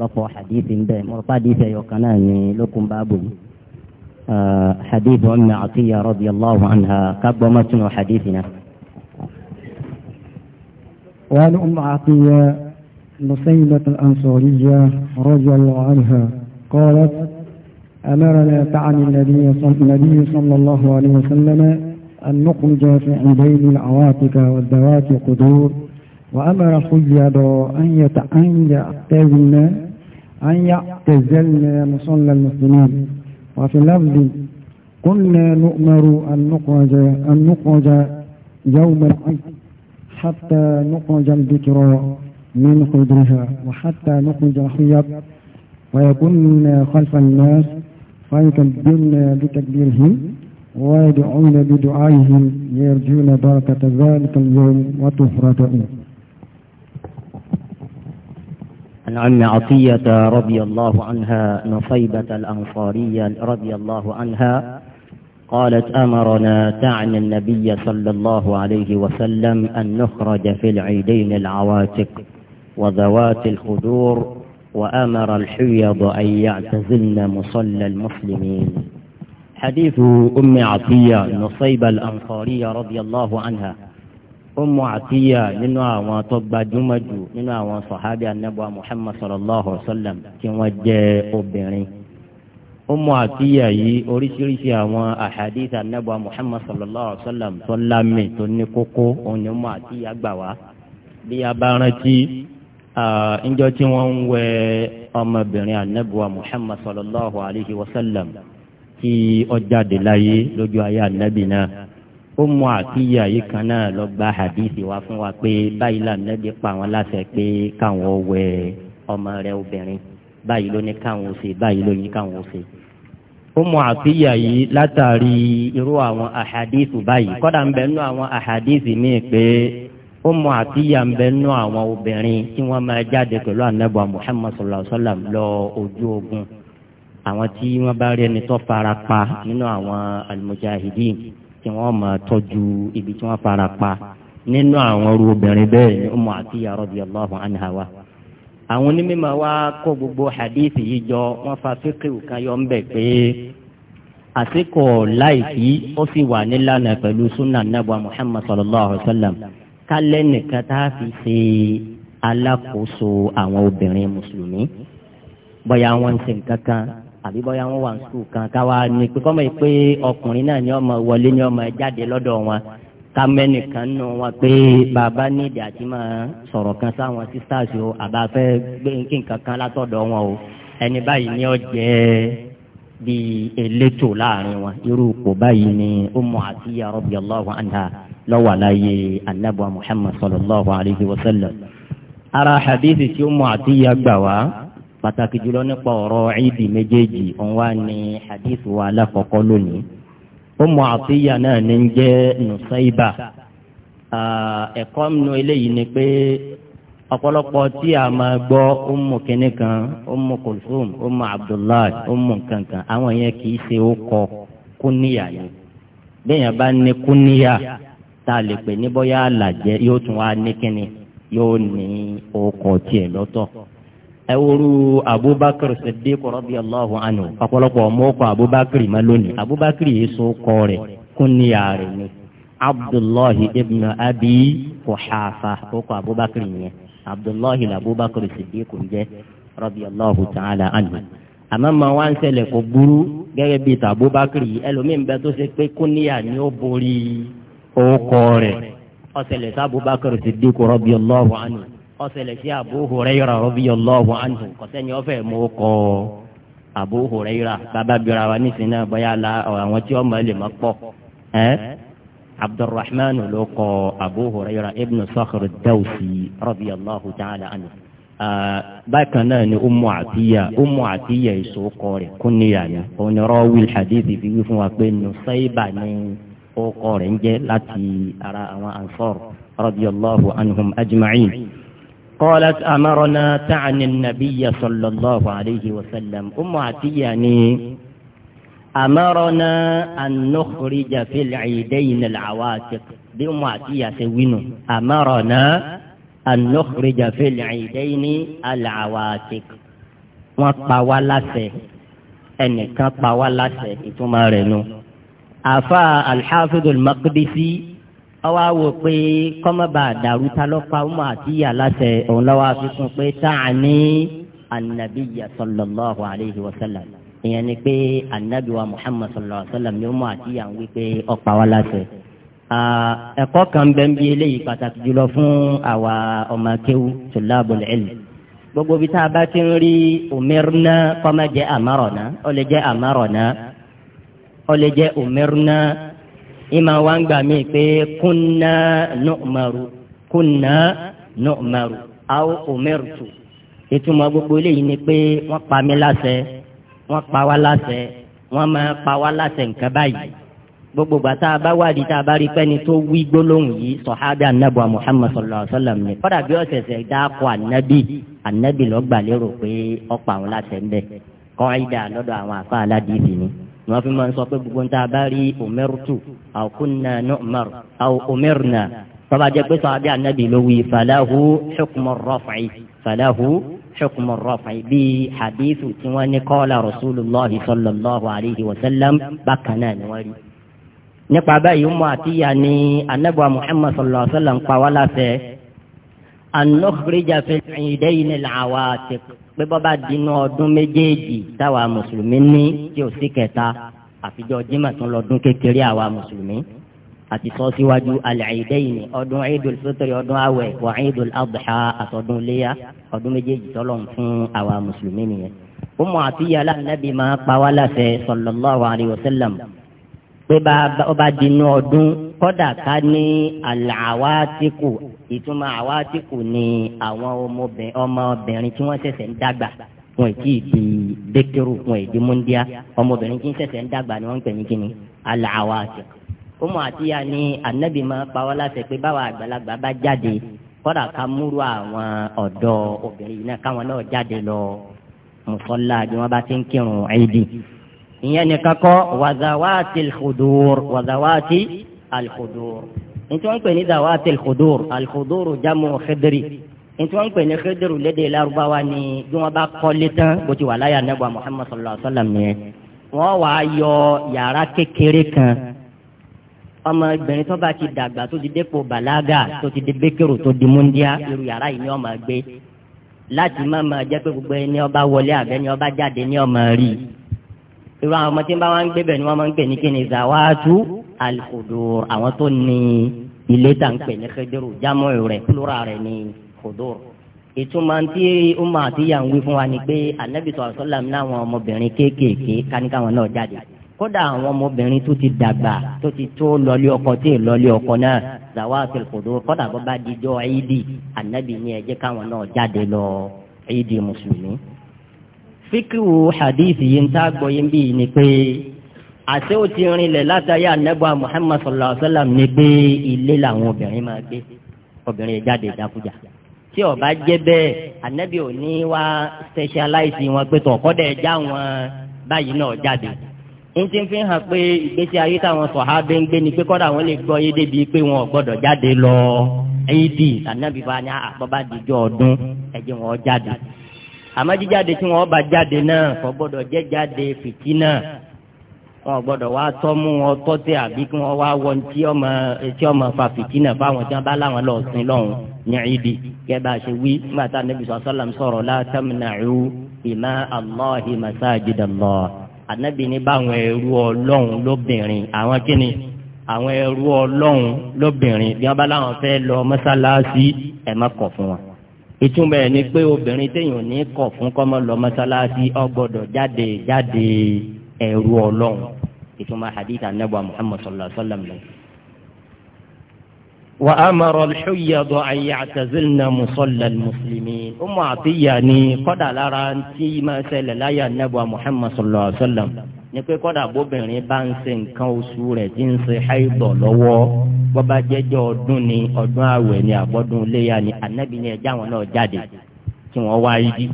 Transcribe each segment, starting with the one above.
lọ́pọ̀ حديث ń bẹ́ẹ̀ mọ̀rọ̀ hadithi ẹ̀yọ̀kan náà ní lókun báàbò yìí uh, hadith Ummu Atiyya radiyallahu anha mọ́tún وعن أم عطية نسيبة الأنصارية رضي الله عنها قالت أمرنا تعني النبي صلى الله عليه وسلم أن نخرج في عيدين العواتق والذوات قدور وأمر حجاب أن يتعين يعتزن أن يعتزلنا مصلى المسلمين وفي اللفظ كنا نؤمر أن نخرج أن نخرج يوم العيد حتى نخرج الذكرى من خدرها وحتى نخرج الحيض ويكن خلف الناس فيكبرنا بتكبيرهم ويدعون بدعائهم يرجون بركة ذلك اليوم وطهرته عن عطية رضي الله عنها نصيبة الأنصارية رضي الله عنها قالت أمرنا تعني النبي صلى الله عليه وسلم أن نخرج في العيدين العواتق وذوات الخدور وأمر الحيض أن يعتزلن مصلى المسلمين حديث أم عطية نصيبة الأنصارية رضي الله عنها Ummu Atiyya nínú àwọn tó gbajúmọ̀ jù nínú àwọn sọ̀hábì anábọ̀ Muhammad sallallahu alayhi wa sallam tí wọ́n jẹ́ obìnrin. Ummu Atiyya yìí oríṣiríṣi àwọn ahadith anábọ̀ Muhammad sallallahu alayhi wa sallam tó lámì tó ní kókó òun ni Ummu Atiyya gbà wá. bí a bá rántí ǹjọ́ tí wọ́n ń wẹ ọmọbìnrin anábọ̀ Muhammad sallallahu alayhi wa sallam tí ó jáde láyé lójú ayé anábì náà. Ummu Atiyya yìí kan náà lọ gba hadisi wa fún wa pé báyìí lànàbí pa àwọn láṣẹ pé káwọn wẹ ọmọ rẹ̀ obìnrin báyìí ló ní káwọn ṣe báyìí ló ní káwọn ṣe. Ummu Atiyya yìí látàrí irú àwọn ahadisi báyìí kọ́dà ń bẹ nú àwọn ahadisi míì pé Ummu Atiyya ń bẹ nú àwọn obìnrin tí wọ́n máa jáde pẹ̀lú Ànábì Muhammad sallallahu alaihi wasallam lọ ojú ogun àwọn tí wọ́n bá rí ẹni tó fara pa nínú àwọn al-mujahidin tí wọ́n máa tọ́jú ibi tí wọ́n fara pa nínú àwọn ọrù obìnrin bẹ́ẹ̀ ni Ummu Atiyya radiyallahu anha wa. àwọn onímọ̀ wa kó gbogbo hadith yìí jọ wọ́n fa fíkìrì kan yọ ńbẹ̀ pé àsìkò láìsí ó sì wà nílànà pẹ̀lú sunna nàbà Muhammad sallallahu alayhi wa sallam kálẹ̀ nìkan tá a fi ṣe alákòóso àwọn obìnrin mùsùlùmí bóyá wọ́n ń ṣe nǹkan àbí bóyá wọn wà ní sùkúù kan káwa ní pé kọ́mọ̀ yìí pé ọkùnrin náà ni ọmọ wọlé ni ọmọ jáde lọ́dọ̀ wọn ká mẹ́nìkan nù wọn pé bàbá nídìí àti máa sọ̀rọ̀ kan sáwọn sisters o àbá fẹ́ gbé nǹkan kan látọ̀dọ̀ wọn o ẹni báyìí ni ó jẹ́ bí elétò láàrin wọn irú ipò báyìí ni Ummu Atiyya radiyallahu anha lọ́wọ́ aláyé anábọ̀ Muhammad sallallahu alayhi wa ara hadithi tí Ummu Atiyya gbà wá. pàtàkì jùlọ nípa ọ̀rọ̀ ìdì méjèèjì òun ni hadith wa alákọ̀ọ́kọ́ lónìí Ummu Atiyya náà ní jẹ́ ẹ̀kọ́ eléyìí ni pé ọ̀pọ̀lọpọ̀ tí a máa gbọ́ Ummu kínní kan Ummu Kulthum Ummu Abdullahi Ummu kankan àwọn yẹn kì í ṣe ó kọ kúníyà bẹ́ẹ̀ yẹn bá ní kúníyà tá a lè pè ní ẹwúrú abubakar siddiq radiyallahu anhu ọ̀pọ̀lọpọ̀ ọmọkọ abubakar ma lónìí abubakar yìí sún kọ rẹ̀ kúnníyà rẹ̀ ni abdullahi ibn abi kuhafa ọkọ abubakar yẹn abdullahi abubakar siddiq ń jẹ́ radiyallahu ta'ala anhu àmọ́ màá wá ń ṣẹlẹ̀ kó burú gẹ́gẹ́ bíi tà abubakar yìí ẹlòmíín bẹ́ẹ̀ tó ṣe pé kúnníyà ni ó borí ọkọ rẹ̀ ó ṣẹlẹ̀ sí abubakar siddiq radiyallahu anhu. ọsẹlẹ̀ sí Abu Hurairah radiyallahu anhu kọ́sẹ́ni ọ̀fẹ́ mú kọ́ Abu Hurairah bàbá bíra wa nísìnyí náà bóyá la àwọn tí wọ́n mọ̀ lè mọ̀ pọ̀ ẹ́ Abdurrahman ló kọ́ Abu Hurairah ibn Sakhr ad-Dawsi radiyallahu ta'ala anhu. bákan náà ni Ummu Atiyya Ummu Atiyya èso kọ́ rẹ̀ kúnníyà ni òun rawil hadith fi wí fún wa pé Nusayba ni ó kọ́ rẹ̀ ń jẹ́ láti ara àwọn Ansar radiyallahu anhum ajma'in. قالت أمرنا تعني النبي صلى الله عليه وسلم أم عتياني أمرنا أن نخرج في العيدين العواتق بأم عتية سوينه أمرنا أن نخرج في العيدين العواتق وطوالسه أن كطوالسه ثم رنو أفا الحافظ المقدسي àwa wò pé kọ́mọ́bà dàrú ta lọ́pàá ọmọ àti ìyá láṣẹ òun lọ́wọ́ àfikún pé táà ní anabiya sallallahu alayhi wa sallam ìyẹn ni pé anabi wa muhammad sallallahu alayhi wa sallam ni ọmọ àti ìyá ń wí pé ọ̀pá wa láṣẹ. ẹ̀kọ́ kan bẹ́ẹ̀ ń bí eléyìí pàtàkì jùlọ fún àwa ọmọ akéwù tulabul ilm gbogbo bí tá a bá ti ń rí umirna kọ́mọ́ jẹ́ amarona ó ìmọ̀ wa ń gbà mí pé kúnná nọ́ọ̀mọ̀rù kúnná nọ́ọ̀mọ̀rù aw umirtu ìtumọ̀ gbogbo eléyìí ni pé wọ́n pa mí láṣẹ wọ́n pa wá láṣẹ wọ́n máa pa wá láṣẹ nǹkan báyìí gbogbo gbà tá a bá wádìí tá a bá rí pẹ́ni tó wí gbólóhùn yìí sọ̀hábì anabu muhammad sallallahu alayhi ni kọ́dà bí ọ̀sẹ̀ dáàpọ̀ anabi anabi lọ́gbàlérò pé ọ̀pọ̀ àwọn láṣẹ ń bẹ̀ kọ́ àyídà lọ́dọ̀ àwọn àfa aládìí sí ni ni wọ́n fi máa ń sọ pé gbogbo ń ta bá rí omertu àkúnna nọ́ọ̀mọ́r àwọn omerna tọ́ba jẹ́ pé sọ́ọ́dẹ́ ànábì ló wí falahu hukmu rafi falahu hukmu rafi bíi hadithu tí wọ́n ní kọ́ọ̀lá rasulullahi sallallahu alayhi wa sallam bákan náà ni wọ́n nípa báyìí mú àtìyà ní anábọ̀ muhammad sallallahu alayhi wa sallam pa wá láfẹ́ an nukhrija fil idayn al awatiq pé bọ́ba dínú ọdún méjèèjì táwa mùsùlùmí ní tí ò sí kẹta àfijọ́ jimá tún lọ́dún kékeré àwa mùsùlùmí àti sọ síwájú al-Eidayni ọdún Eidul Fitri ọdún awẹ wa Eidul Adha àtọdún léyà ọdún méjèèjì tọ́lọ̀ ń fún àwa mùsùlùmí nìyẹn. Ummu Atiyya Ànábì máa pa wá láṣẹ sallallahu alayhi wa pé bá ọba ọdún kọ́dà ká ní àwátìkù ìtumọ̀ àwátìkù ni àwọn ọmọbìnrin tí wọ́n ṣẹ̀ṣẹ̀ ń dàgbà wọn kì í di dékèrú wọn èdè múndíá ọmọbìnrin tí ń ṣẹ̀ṣẹ̀ ń dàgbà ni wọ́n ń pè ní kíni àwátìkù. ọmọ àtìyá ni anabi máa pa wá láṣẹ pé báwa àgbàlagbà bá jáde kọ́dà ká múrú àwọn ọ̀dọ́ obìnrin náà káwọn náà jáde lọ mùsọ́lá bí wọ́n bá ti ń kírun ẹ̀ẹ́dì ìyẹn nìkan kọ́ wàzàwátì al wàzàwátì alikodoor nítorí wọ́n pè ní dàwátì alikodoor alikodoor jamu xidiri nítorí wọ́n pè ní xidiri lédè Lárúbáwá ni bí wọ́n bá kọ́lé tán bó ti wà láyà nebà Muhammad sallallahu alayhi wa sallam yẹn wọ́n wà á yọ yàrá kékeré kan ọmọbìnrin tó bá ti dàgbà tó ti dépò bàlágà tó ti di békèrò tó di múndíá irú yàrá yìí ni ọmọ gbé láti má máa jẹ́ pé gbogbo ẹni ọba wọlé àbẹ́ ni ọba jáde ni ọmọ rí irú àwọn ọmọ tí ń bá wọn gbé bẹ̀ ni wọ́n máa ń gbé ní kíni zawaatu al-khudur àwọn tó ní ilé tá ń pè ní khediru jámọ́ rẹ̀ plural rẹ̀ ní khudur ìtumọ̀ tí umar àti yahoo wí fún wa ni pé anabi sọ̀rọ̀ sọ́lá mi náà àwọn ọmọbìnrin kéékèèké káníkà wọn náà jáde kódà àwọn ọmọbìnrin tó ti dàgbà tó ti tó lọlé ọkọ tí ì lọlé ọkọ náà zawatul qudur kódà bó bá dijọ́ anabi ni ẹ káwọn náà jáde lọ ìdí mùsùlùmí. fíkìwù hadith yìí ń tá a gbọ́ yín bíi ni pé àti ó ti rinlẹ̀ látàyà nẹ́gbà Muhammad sallallahu alayhi wa sallam ní pé ilé làwọn obìnrin máa gbé obìnrin jáde ìdákújà tí ó bá jẹ́ bẹ́ẹ̀ ò ní wá specialize wọn pé tọkọ dẹ já wọn báyìí náà jáde n ti fi hàn pé ìgbésí ayé táwọn sọ̀hábé ń gbé ni pé kọ́dà wọn lè gbọ́ yé débi pé wọn ò gbọ́dọ̀ jáde lọ éèdì anabi bá ní àbọ̀bá ah, dijọ́ ọdún ẹ̀jẹ̀ wọn jáde àmọ́ jíjáde tí wọ́n bá jáde náà kò gbọ́dọ̀ jẹ́ jáde fìtínà wọn gbọ́dọ̀ wá tọmú wọn tọtẹ àbí kí wọn wá wọn tí ọmọ tí ọmọ fa fìtínà fáwọn tí wọn bá láwọn lọ sin lọhùn ní ibi kẹbà ṣe wí nígbà tá anabi sọsọlám sọ̀rọ̀ la tamna'u ima allahi masajid allah anabi ní báwọn ẹrú Ọlọ́run lóbìnrin àwọn kíni àwọn ẹrú Ọlọ́run lóbìnrin bí wọn bá láwọn fẹ́ lọ mọ́sálásí ẹ má kọ̀ fún wọn ìtumọ̀ ẹ̀ ni pé obìnrin téèyàn ní kọ̀ fún kọ́mọ lọ mọ́sálásí ó jáde jáde ẹrú Ọlọ́run ìtumọ̀ hadith anabu muhammad sallallahu alaihi wa sallam lọ. wa amara al-huyyad an ya'tazilna musalla al-muslimin Ummu Atiyya ni kọ́dà lára tí máa ṣẹlẹ̀ láyé anabu muhammad sallallahu alaihi wa sallam ni pé kọ́dà bóbìnrin bá ń ṣe nǹkan oṣù rẹ̀ tí ń ṣe haidọ̀ lọ́wọ́ bọ́bá jẹ́jọ́ ọdún ni ọdún àwẹ̀ ni àbọ̀dún iléyà ni anabi ni ẹja àwọn náà jáde tí wọ́n wá yídí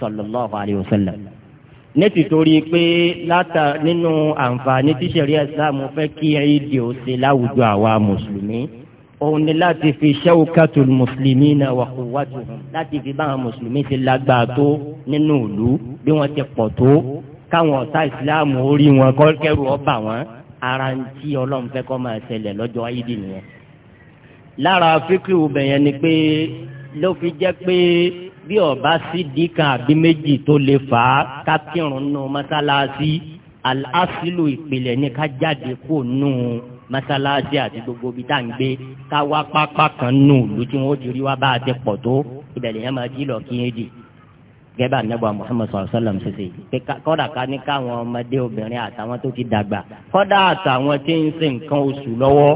sallallahu alaihi wa sallam ní tìtorí pé látà nínú àǹfààní tí ṣẹ̀ríà Ìsìlámù fẹ́ kí ìdí ó ṣe láwùjọ àwa mùsùlùmí òun ni láti fi shawkatul muslimina wa quwwatuhum láti fi báwọn mùsùlùmí ti lágbàá tó nínú ìlú bí wọ́n ti pọ̀ tó káwọn ọ̀tá ìsìláàmù orí wọn kọ́ kẹ́rù ọba wọn ara ń tí ọlọ́run fẹ́ kọ́ máa ṣẹlẹ̀ lọ́jọ́ ayídì nìyẹn. lára fíkì obìnrin ni pé ló fi jẹ́ pé bí ọba sí di kan àbí méjì tó lè fà á kákírun nù mọ́sálásí aláṣìlò ìpìlẹ̀ ní ká jáde kó nù mọ́sálásí àti gbogbo ibi tá à ń gbé ká wá pápá kan nù ìlú tí wọ́n ti rí wá bá a ti pọ̀ tó ìbẹ̀lẹ̀ yẹn máa jí lọ kí yẹn dì gẹ́gẹ́ ànábọ̀ Muhammad sallallahu alaihi wasallam ṣiṣẹ́ pé kọ́dà ká ní káwọn ọmọdé obìnrin àtàwọn tó ti dàgbà kọ́dà àtàwọn tí ń ṣe nǹkan oṣù lọ́wọ́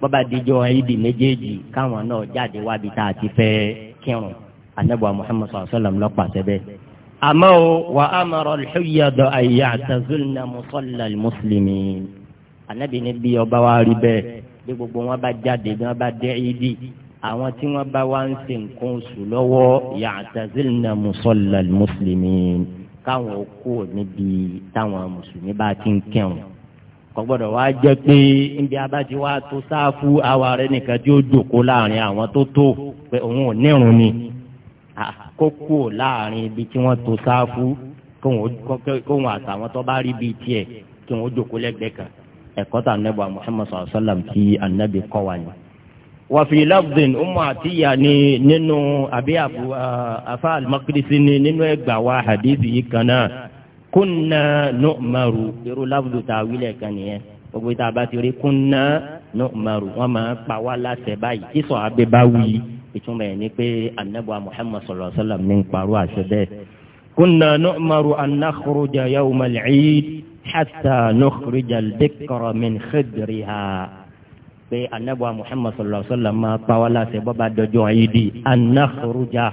bọ́ba díjọ́ ìdì méjèèjì káwọn náà jáde wábi tá a ti fẹ́ kírun anabu muhammad sallallahu alaihi wa sallam lọ́pàá sẹ́bẹ̀. àmọ́ o wà á mọ̀rọ̀ alḥuyyadọ̀ àyà àtàzúnà mùsọ̀lá mùsùlùmí. anabi ni bí ọba wa rí bẹ́ẹ̀ bí gbogbo wọn bá jáde bí wọn bá dé ìdí àwọn tí wọn bá wá ń ṣe nǹkan oṣù lọ́wọ́ yàtàzílnà mùsọ̀lá mùsùlùmí káwọn kú níbi táwọn mùsùlùmí bá ti ń kẹun kò gbọ́dọ̀ wá jẹ́ pé níbi abájí wa tó sáfù àwa rẹ nìkan tí ó jòkó láàrin àwọn tó tó pé òun ò nírun ni àkókò láàrin ibi tí wọ́n to sáfù kóhun àtàwọn tó bá rí bíi tiẹ̀ kí wọ́n jókòó lẹ́gbẹ̀ẹ́ kan ẹ̀kọ́ tà nẹ́bù Muhammad sallallahu alaihi wasallam tí anabi kọ́ wa ni. wàfi lafdin umu atiya ni nínú àbí afa al ni nínú ẹgbàá wa hadithi yìí kan náà kunna nu'maru irú lafdu tàwílẹ̀ kan nìyẹn gbogbo ìta bá ti rí kúnná nu'maru wọn máa pa wá láṣẹ báyìí tí sọ abẹ bá wí ìtumọ̀ ẹ̀ ni pé anabuwa muhammad sallallahu alaihi wa sallam ní parọ́ àṣẹ bẹ́ẹ̀ kúnná nu'maru an nakhruja yawmal eid hatta nukhrija al min khidriha pé anabuwa muhammad sallallahu alaihi wa sallam máa pa wá láṣẹ bọ́ba dọjọ́ ìdí an nakhruja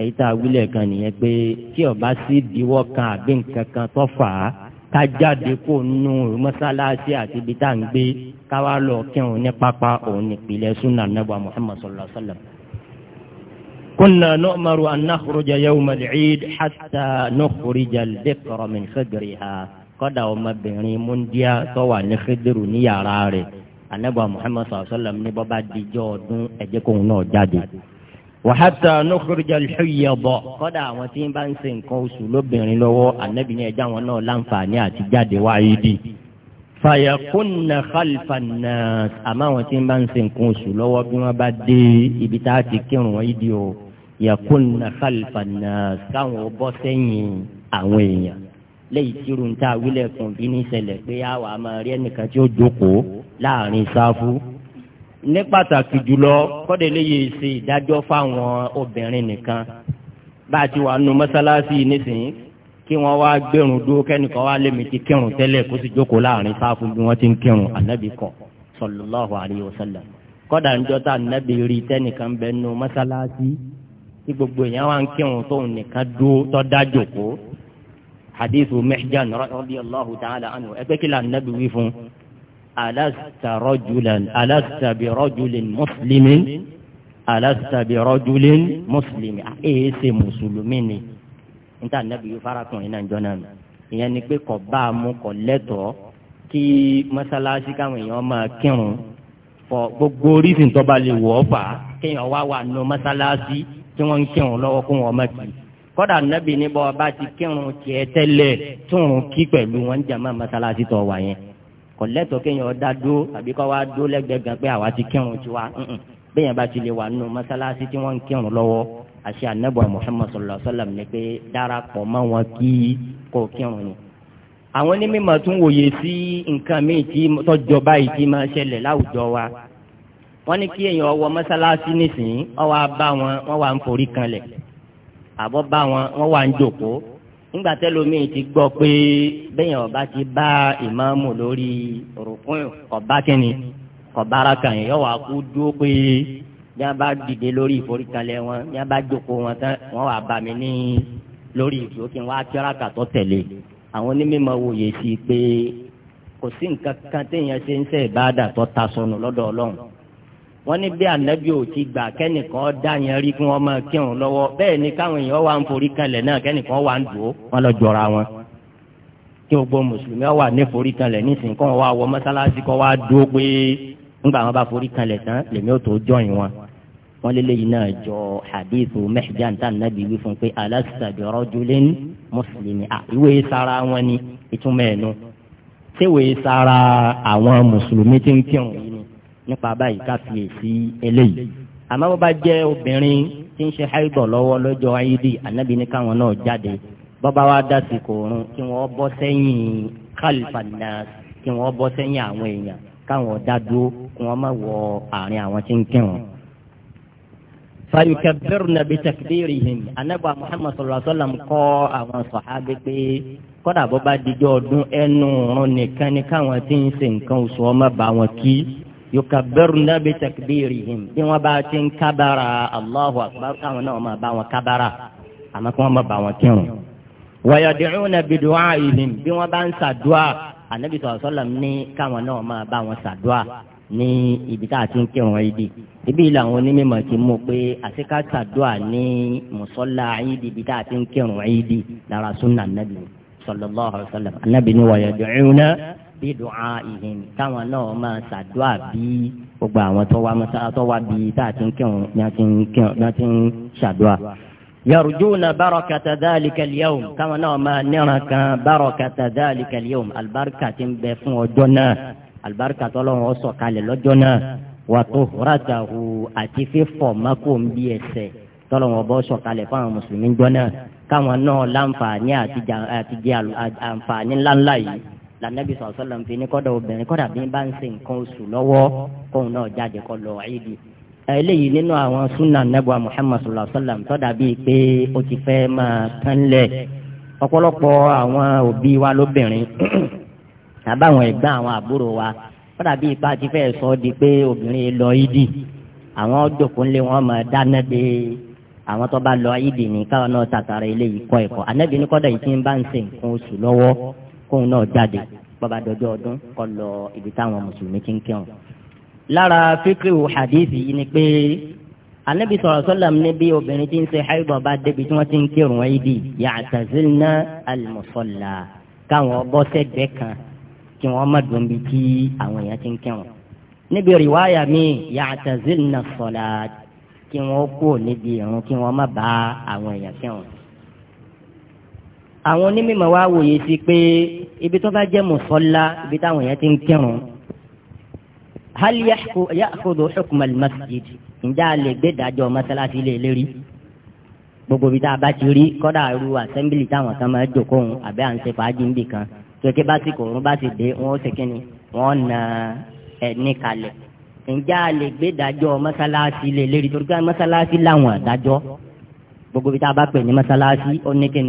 èyí tá a wílẹ̀ kan nìyẹn pé tí ó bá sì diwọ́ kan àbí nǹkan tó fà á ká jáde kó nu mọ́sálásí àti ibi tá à ń gbé káwá lọ kírun ní pápá òun nípìnlẹ̀ súnà nàbà Muhammad sallallahu alaihi wa sallam. كنا نؤمر أن نخرج يوم العيد حتى نخرج الذكر من خدرها kọ́dà ọmọbìnrin múndíá tó wà ní Khidru ní yàrá rẹ̀ Ànábì Muhammad sallallahu alaihi wa sallam ní bó bá dijọ́ ọdún ẹ jẹ́ náà jáde wàhátà nukurijà lóye bọ̀ kọ́dà àwọn tí ń bá ń ṣe nǹkan oṣù lóbìnrin lọ́wọ́ ànábì ní ẹja wọn náà láǹfààní àti jáde wáyé dì fàyàkùnà khalfanà àmọ́ àwọn tí ń bá ń ṣe nǹkan oṣù lọ́wọ́ bí wọ́n bá dé ibi tá a ti kírun wọ́n yìí di o yàkùnà khalfanà káwọn ó bọ́ sẹ́yìn àwọn èèyàn lẹ́yìn tí irun wílẹ̀ kùn bí ní ṣẹlẹ̀ pé àwa máa rí ẹnìkan tí ó jókòó láàrin sáfù ní pàtàkì jùlọ kọ́dé léyè ṣe ìdájọ́ fáwọn obìnrin nìkan bá a ti wà nù mọ́sálásí nísìnyí kí wọ́n wá gbẹ̀rún dúró kẹ́nìkan wá lémi ti kírun tẹ́lẹ̀ kó sì jókòó láàrin sáfù bí wọ́n ti ń kírun ànábì kọ̀ sallallahu alayhi wa sallam kọ́dà ń jọ́ta ànábì rí tẹ́nìkan bẹ́ẹ̀ nù mọ́sálásí tí gbogbo èèyàn wá ń kírun tóun nìkan dúró tó dá jókòó hadithu Mihjan radiyallahu alasta rajulan alasta bi rajulin muslimin alasta bi rajulin muslimin ee ṣe mùsùlùmí ni níta nàbí yóò fara kàn yín náà jọ náà ìyẹn ni pé kò bá a mú kò lẹ́tọ̀ọ́ kí mọ́sálásí káwọn èèyàn máa kírun fọ gbogbo orísìn tó bá lè wọ̀ ọ́ fà á kéèyàn wá wà nù mọ́sálásí tí wọ́n ń kírun lọ́wọ́ kó wọn má kì í kódà nàbí níbo ọba ti kírun tiẹ̀ tẹ́lẹ̀ tún kí pẹ̀lú wọn jàmá mọ́sálásí tó wà yẹn kọ̀lẹ́tọ̀ kéèyàn dá dó àbí kọ́ wá dó lẹ́gbẹ̀ẹ́ gan pé àwa ti kírun tiwa bẹ́ẹ̀ bá ti lè wà nínú mọ́sálásí tí wọ́n ń kírun lọ́wọ́ àṣẹ ànábọ̀ Muhammad sallallahu alaihi wasallam ni pé darapọ̀ mọ́ wọn kí kò kírun ni. àwọn onímọ̀ tún wòye sí nǹkan míì tí tọ́jọ báyìí tí máa ṣẹlẹ̀ láwùjọ wa wọ́n ní kí èèyàn wọ mọ́sálásí nísìnyí wọ́n wá bá wọn wọ́n wá ń forí kanlẹ̀ àbọ̀ bá wọn wọ́n wá ń jòkó nígbà tẹ́lómi ti gbọ́ pé bẹ́yìn ọba ti bá ìmáàmù lórí rùkún ọba kẹ́ni kọ̀bára kan yẹn yọ wá kú dúró pé ní a bá dìde lórí ìforíkalẹ̀ wọn ní a bá jókòó wọn tán wọn wà bá ní lórí ìdúró kí n wá tẹ̀lé àwọn onímọ̀ wòye sí i pé kò sí nǹkan kan téèyàn ṣe ń ṣe ìbáàdà tó ta sọnù lọ́dọ̀ ọlọ́run wọ́n ní bí ànábì ò ti gbà kẹ́nìkan dá yẹn rí kí wọ́n máa kírun lọ́wọ́ bẹ́ẹ̀ ni káwọn èèyàn wà ń forí kanlẹ̀ náà kẹ́nìkan wà ń dùn ó wọ́n lọ jọra wọn. kí gbogbo mùsùlùmí wà ní forí kanlẹ̀ nísìnyí kọ́ wa wọ mọ́sálásí kọ́ wa dúró pé ńgbà wọn bá forí kanlẹ̀ tán lèmi ò tó jọyìn wọn. wọ́n lé léyìí náà jọ hadithu mẹ́hìjá níta nàbí wí fún pé alásìtà rajulin mùsùlùmí ni ìtumọ̀ ẹ̀nu ṣé ìwé sara àwọn mùsùlùmí nípa báyìí ká fi èsì eléyìí àmọ́ bó bá jẹ́ obìnrin tí ń ṣe háìdọ̀ lọ́wọ́ lọ́jọ́ ayédè ànábì ní káwọn náà jáde bọ́ba wa dásì kò rún kí wọ́n bọ́ sẹ́yìn kálífàdà kí wọ́n bọ́ sẹ́yìn àwọn èèyàn káwọn dá dúró kí wọ́n má wọ àárín àwọn tí ń kírun. fayukabbirna bi takbirihim anabi muhammad sallallahu alaihi wa sallam kọ́ àwọn sọ̀hábí pé kọ́dà bó bá dijọ́ ọdún ẹnu rún nìkan ni káwọn tí ń ṣe nǹkan oṣù ọmọ bá wọn kí yukabiruna bi takbirihim bí wọ́n bá ti ń kábàrà allahu akbar káwọn náà máa bá wọn kábàrà àmọ́ kí wọ́n máa bá wọn kírun. wayad'una bi du'aihim bí wọ́n bá ń sàdúà anabi sallallahu alaihi wasallam ní káwọn náà máa bá wọn sàdúà ní ibi tá a ti ń kírun ìdí ibi làwọn onímọ̀ ti mú pé àṣekà sàdúà ní mùsọ́lá ìdí ibi tá a ti ń kírun ìdí lára sunna anabi sallallahu alaihi wasallam anabi ni wayad'una bí dùnà ìhìn táwọn náà máa ṣàdúrà bí gbogbo àwọn tọ́wá tọ́wá bí tá a ti ń kírun ní a ti ń ṣàdúrà. يرجون بركة ذلك اليوم كما نوما نرك بركة ذلك اليوم البركة بفن وجنا البركة لهم وصوك على لجنا وطهرته أتفي فمكم بيس tọ́lọ̀ wọn bọ́ sọ̀kalẹ̀ fáwọn mùsùlùmí jọ́nà káwọn náà láǹfààní àti jẹ́ àǹfààní ńláńlá yìí lànàbí sọ̀sọ́lọ̀ fi ní kọ́dọ̀ obìnrin kọ́dà bí bá ń ṣe nǹkan oṣù lọ́wọ́ kóun náà jáde kọ́ lọ ẹ̀ẹ́dì. eléyìí nínú àwọn súnà nẹ́bùà Muhammad sọ̀sọ́lọ̀ tọ́dà bíi pé ó ti fẹ́ máa kánlẹ̀ ọ̀pọ̀lọpọ̀ àwọn òbí wa lóbìnrin àbáwọn ẹ̀gbọ́n àwọn àbúrò wa kọ́dà bíi ipa ti fẹ́ sọ di pé obìnrin lọ ìdì àwọn jòkóńlé wọn máa dáná de àwọn tó bá lọ ìdì ní káwọn náà tàtàrà eléyìí kọ́ ẹ̀kọ́ ànẹ́bí ní náà jáde bàbá dọjọ́ ọdún kó lọ ibi táwọn mùsùlùmí ti ń kírun. lára fíkìrù hadithi yìí ni pé anabi sọ̀rọ̀ sọ́làm ní bí obìnrin ti ń ṣe haibọ̀ bá débi tí wọ́n ti ń kírun ẹ́ẹ́dì ya'tazilna al-musalla káwọn bọ́ sẹ́gbẹ́ kan kí wọ́n má dùn bí tí àwọn èèyàn ti ń kírun. níbi rìwáyà mi ya'tazilna as-salat kí wọ́n kú níbi ìrun kí wọ́n má bá àwọn èèyàn kírun àwọn onímọ̀ wa wòye sí pé ibi tó bá jẹ́ mùsọ́lá ibi táwọn èèyàn ti ń kírun hali yaakudu xukumal masjid ǹjẹ́ a lè gbé dájọ́ masalasi lè lérí gbogbo ibi tá a bá ti rí kọ́dà irú assembly táwọn kan máa jòkó òun àbẹ́ à ń ṣe fàájì níbì kan kékeré bá sì kò bá sì dé wọn ó ṣe kí na ẹni kalẹ̀ ǹjẹ́ a lè gbé dájọ́ masalasi lè lérí torí pé masalasi làwọn àdájọ́ gbogbo ibi tá a bá pè ní masalasi ó ní kí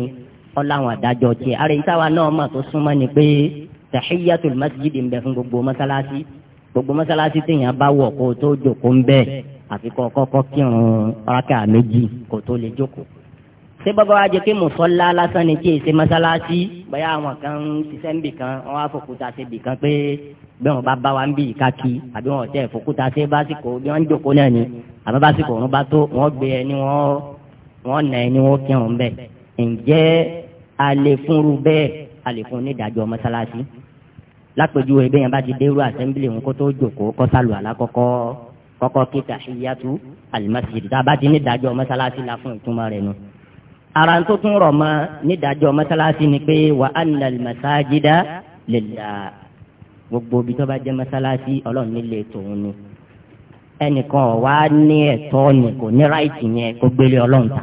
ọ láwọn àdájọ tiẹ̀ ara yìí táwa náà mà tó súnmọ́ ni pé tahiyatul masjid ń bẹ fún gbogbo mọ́sálásí gbogbo mọ́sálásí téèyàn bá wọ̀ kó o tó jòkó ń bẹ́ẹ̀ àfi kọ́ kọ́kọ́ kírun rákà méjì kó o tó lè jòkó. ṣé bàbá wa jẹ́ pé mùsọ́lá lásán ni tí èsè mọ́sálásí bóyá àwọn kan ń ṣiṣẹ́ ń bì kan wọ́n á fòkúta ṣe bì kan pé bí wọn bá bá wa ń bì káàkiri àbí wọn tẹ fòkúta ṣe básìkò bí wọn ń jòkó náà ni àbá básìkò wọn bá tó wọn gbé ẹni wọn wọn nà ẹni wọn kírun bẹ́ẹ̀ àlèfúnru bẹ́ẹ̀ àlèfún onídàájọ́ mọ́sálásí lápèjúwe bẹ́ẹ̀ yẹn bá ti dérú assembly wọn kó tó jòkóó kọ́sálù alákọ́kọ́ kọ́kọ́ kí tahiyatu alimasiri tá a bá ti nídàájọ́ mọ́sálásí la fún ìtumọ̀ rẹ̀ nu. ara tó tún rọ̀ mọ́ nídàájọ́ mọ́sálásí ni pé wa anna al-masajida lillah gbogbo ibi tó jẹ́ mọ́sálásí ọlọ́run nílé tòun ni ẹnìkan ọ̀ ní ẹ̀tọ́ ni kò ní ráìtì yẹn kó gbélé ọlọ́run ta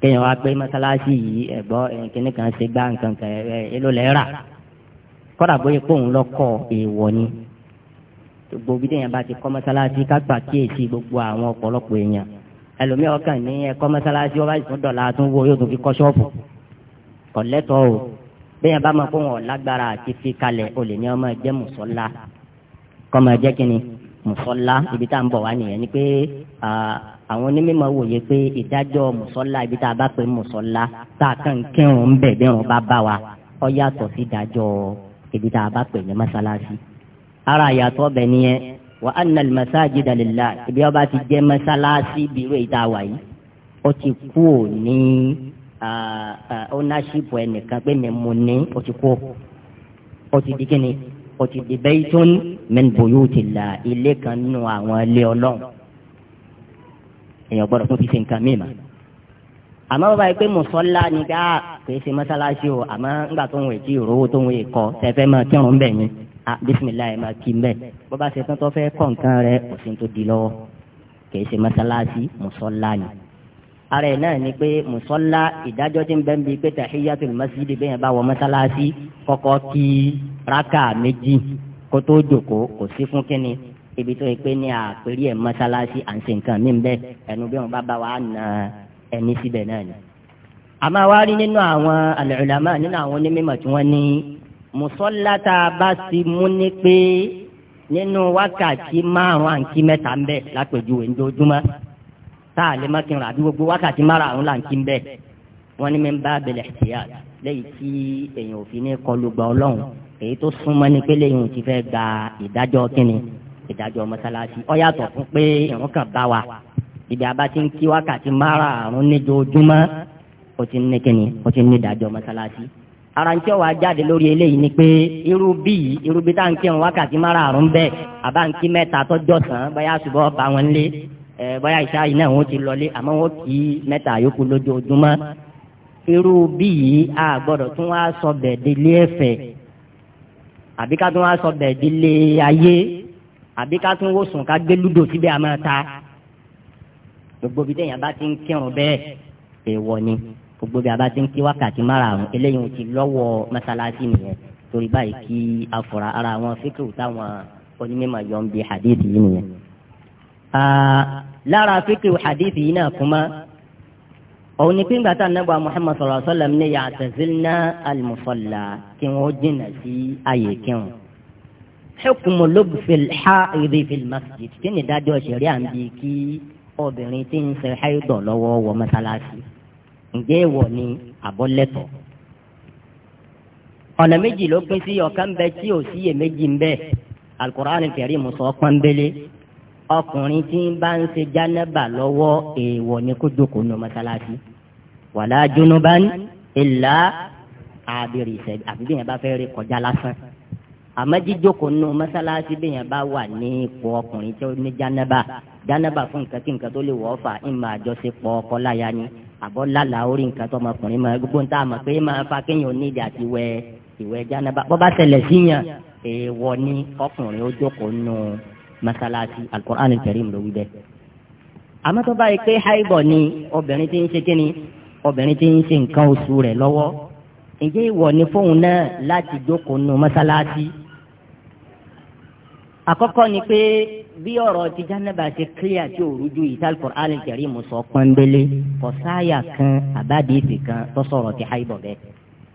kéèyàn wá pé mọ́sálásí yìí ẹ̀gbọ́ kíní kan ṣe gbá nǹkan kan ẹ̀ èlò lẹ́rà kọ́dà bóyá pé òun lọ́kọ̀ èèwọ̀ ni gbogbo bí téèyàn bá ti kọ́ mọ́sálásí kápá kíyèsí gbogbo àwọn ọ̀pọ̀lọpọ̀ èèyàn ẹlòmíràn kàn ní ẹ̀kọ́ mọ́sálásí ọba ìsún dọ̀la tún wo yóò tún fi kọ́ ṣọ́ọ̀bù kọ̀lẹ́tọ̀ o béèyàn bá máa kó wọn lágbára àti fi kalẹ̀ olè ní ọmọ ẹ̀jẹ̀ mùsọ́lá kọ́mọ ẹ̀jẹ̀ kínní mùsọ́lá ibi tá à ń bọ̀ wá nìyẹn ni pé àwọn onímọ̀ wòye pé ìdájọ́ mùsọ́lá ibi tá a bá pè mùsọ́lá tá a kàn kírun ń bẹ̀ bẹ́ẹ̀ wọn bá bá wa ó yàtọ̀ sí ìdájọ́ ibi tá a bá pè ní mọ́sálásí. ara àyàtọ̀ bẹ̀ nìyẹn wa anna al-masajida lillah ibi ọba ti jẹ́ mọ́sálásí bí ìwé ìta wà yìí ó ti kú ò ní ownership ẹnìkan pé mi mú ní ó ti kú ó ti di kíni ó ti di baytun min buyutillah ilé kan nínú àwọn ilé ọlọ́run èèyàn gbọ́dọ̀ tó fi ṣe nǹkan míì mà àmọ́ bàbá yìí pé mùsọ́lá ni ká kìí ṣe mọ́sálásí o àmọ́ ńgbà tó ń wò tí ìrówó tó ń wò kọ́ tẹ́fẹ́ máa kírun bẹ̀ ni bisimilayi máa kí n bẹ̀ bọ́ba ṣe tán tó fẹ́ kọ́ nǹkan rẹ òsín tó di lọ́wọ́ kìí ṣe mọ́sálásí mùsọ́lá ni. ara ẹ̀ náà ni pé mùsọ́lá ìdájọ́ ti ń bẹ́ẹ̀ bí pé tahiyatul masjid bẹ́ẹ̀ bá wọ mọ́sálásí kọ́kọ́ kí Raka méjì kó tó jòkó kò sí fún kínní ibi tó yẹ pé ní àpérí ẹ̀ mọ́sálásí à ń ṣe nǹkan mí bẹ́ẹ̀ ẹnu bí wọn bá bá wa na ẹni síbẹ̀ náà ni. àmọ́ wa rí nínú àwọn al-ulama nínú àwọn onímọ̀ tí wọ́n ní mùsọ́láta bá ti mú ní pé nínú wákàtí márùn-ún àǹkí mẹ́ta ń bẹ̀ lápèjúwe ńdójúmọ́ tá a lè má kí n rà bí gbogbo wákàtí márùn-ún làǹkí ń bẹ̀ wọ́n ní min babil ihtiyat lẹ́yìn tí èèyàn òfin ní kọlu gba ọlọ́run èyí tó súnmọ́ ní pélé yìí ti fẹ́ gba ìdájọ́ kínni ìdájọ́ mọ́sálásí ó yàtọ̀ fún pé ìrun kan bá wa ibi àbá ti ń kí wákàtí márààrún níjojúmọ́ ó ti ní kínni ó ti ní ìdájọ́ mọ́sálásí. ara ń tí wàá jáde lórí eléyìí ni pé irú bí irú bí tá à ń kírun wákàtí márààrún bẹ́ẹ̀ àbá ń kí mẹ́ta tọ́jọ́ sàn bóyá àṣùbọ̀ bá wọn lé bóyá ìṣá yìí náà wọ́n ti lọlé àmọ́ wọ́n kì í mẹ́ta yòókù lójoojúmọ́ irú bí yìí a tún wá sọ bẹ̀ẹ́dẹ́lé ẹ̀fẹ̀ àbí ká tún wá sọ bẹ́ẹ̀ délé ayé àbí ká tún wò sùn ká gbé lúdò síbẹ̀ àmọ́ ta gbogbo bí téèyàn bá ti ń kírun bẹ́ẹ̀ èèwọ̀ ni gbogbo bí a bá ti ń kí wákàtí márààrún eléyìí ti lọ́wọ́ mọ́sálásí nìyẹn torí báyìí kí afọ̀rà ara wọn fíkìrù táwọn onímọ̀ yọ̀ ń hadithi yìí nìyẹn. Ah, lára fíkìrù hadithi yìí náà kúmọ́ òun ni pínpà tá nẹ́bà Muhammad sallallahu alaihi wasallam ní ya'tazilna al-musalla kí wọ́n jìnnà sí ààyè kírun. hukmu lubsil ha'idi fil masjid kí ni dájọ́ ṣẹ̀rí à ń bi kí obìnrin tí ń ṣe haidọ̀ lọ́wọ́ wọ mọ́sálásí ǹjẹ́ ìwọ ni àbọ̀lẹ́tọ̀. ọ̀nà méjì ló pín sí ọ̀kan bẹ tí ò síyè méjì ń bẹ Al-Qur'an al-Karim sọ ọkùnrin tí ń bá ń ṣe jánábà lọ́wọ́ èèwọ̀ ni kó jókòó nu mọ́sálásí wàlá junuban ìlà àbẹ̀rẹ̀ ìṣẹ̀lẹ̀ àbí bí yẹn bá fẹ́ rí kọjá lásán àmọ́ jíjókòó nù mọ́sálásí bí yẹn bá wà ní ipò ọkùnrin tó ní jánábà jánábà fún nǹkan kí nǹkan tó lè wọ́ fà ìmọ̀ àjọṣepọ̀ ọkọ láya ni àbọ̀ lálàá orí nǹkan tó ọmọkùnrin máa gbogbo nta àmọ̀ pé máa fa kéèyàn onídìí àti wẹ ìwẹ̀ jánábà bọ́ bá ṣẹlẹ̀ síyàn èèwọ̀ ni ọkùnrin ó jókòó nù mọ́sálásí Al-Qur'an ló wí bẹ́ẹ̀ àmọ́ báyìí pé háìbọ̀ ni obìnrin ti ń ṣe kíni obìnrin tí ń ṣe nǹkan oṣù rẹ̀ lọ́wọ́ ǹjẹ́ ìwọ ni fóun náà láti jókòó nu mọ́sálásí. àkọ́kọ́ ni pé bí ọ̀rọ̀ ti jánàbà ṣe kílíà tí ò rújú ìtàlùkọ́ alìkẹ́rì mú sọ kò sáyà kan àbádìísì kan tó sọ̀rọ̀ ti háìbọ̀ bẹ́ẹ̀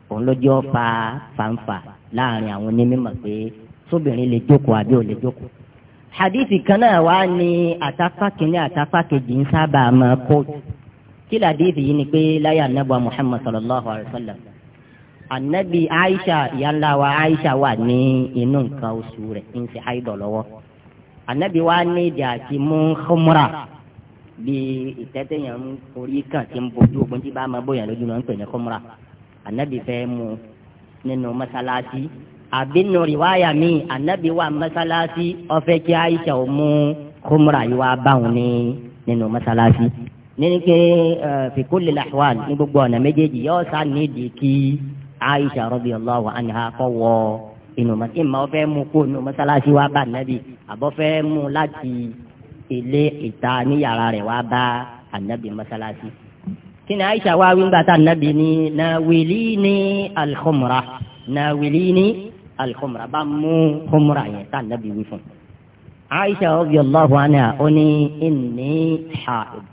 òun ló jẹ́ ọ̀fà fanfa láàrin àwọn onímọ̀ pé sóbìnrin lè jókòó àbí ò lè jókòó hadithi kan náà wá ní àtàfà kìíní àtàfà kejì ń sábà máa kóòtù kí làdíìsì yìí ni pé láyé anábọ̀ Muhammad sallallahu alayhi wa sallam anabi Aisha ìyá ńlá wa Aisha wà ní inú nǹkan oṣù rẹ̀ ń ṣe haidọ̀ lọ́wọ́ anabi wa ní ìdí àti mú khumra bí ìtẹ́tẹ̀yàn orí kan ti ń bojú ogun tí bá máa bóyá lójú náà ń pè ní khumra anabi fẹ́ mu nínú mọ́sálásí àbínú rìwáyà mi anabi wà mọ́sálásí ó kí Aisha mú khumra yìí wá báwọn ní nínú mọ́sálásí nínú pé fìkúlì làḥwàl ní gbogbo ọ̀nà méjèèjì yóò sá nídìí kí aisha radiyallahu anha kọ́ wọ inú mọ́tí ìmọ̀ ọ fẹ́ mú kó inú mọ́sálásí wa bá nàbì àbọ̀ fẹ́ mú láti ilé ìta ní yàrá rẹ̀ wá bá ànábì mọ́sálásí. kí ni aisha wá wí ń gbà tá ànábì ní nawilini al-khumra nawilini al-khumra bá mú khumra yẹn tá ànábì wí fún. aisha radiyallahu anha ó ní inni haid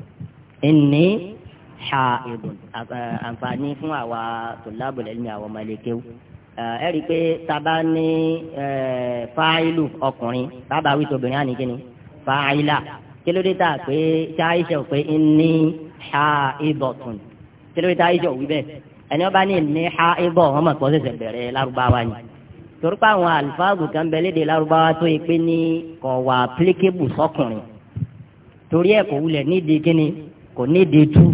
ẹni ha ìdùn àǹfààní fún àwa tòlábù lẹ́yìn àwọn ọmọlẹ́kẹ́wò ẹ rí i pé tábà ní fáìlù ọkùnrin tábà wí tóbìnrin àní kíni fáìlà kí ló dé tà pé tí àìṣe ò pé ní ha ìbọ̀tún kí ló dé tà àìṣe ò wí bẹ́ẹ̀ ẹni ọba ní ní ha ìbọ̀ wọn mọ̀ pé ó ni torípa àwọn àlùfáàgù kan bẹ léde lárúbáwá tó yẹ pé ní kọ̀ wà sọkùnrin torí ẹ̀ kò wulẹ̀ nídìí kíni kò ní ìdètú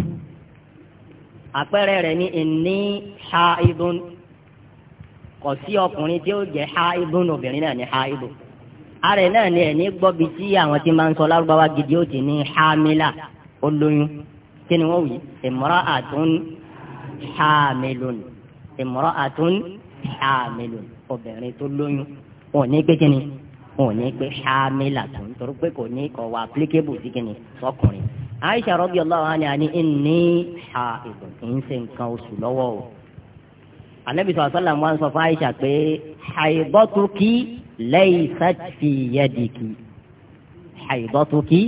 àpẹẹrẹ rẹ̀ ní ìní ha idun kò sí ọkùnrin tí ó jẹ́ ha idun obìnrin náà ní ha idun ààrẹ náà ni ẹni gbọ́bi tí àwọn tí máa ń sọ lárúbáwá gidi ó ti ní hamila olóyún kí ni wọ́n wí imra'atun hamilun imra'atun hamilun obìnrin tó lóyún wọn ò ní pé kí ni wọn ò ní pé hamila tó ń torí pé kò ní kò wà applicable sí kí ni sọkùnrin. So aisha radiyallahu ní ni inni haidun ń ṣe nǹkan oṣù lọ́wọ́ o anabi sọ sọ fún aisha pé haidatuki laysat fi yadiki haidatuki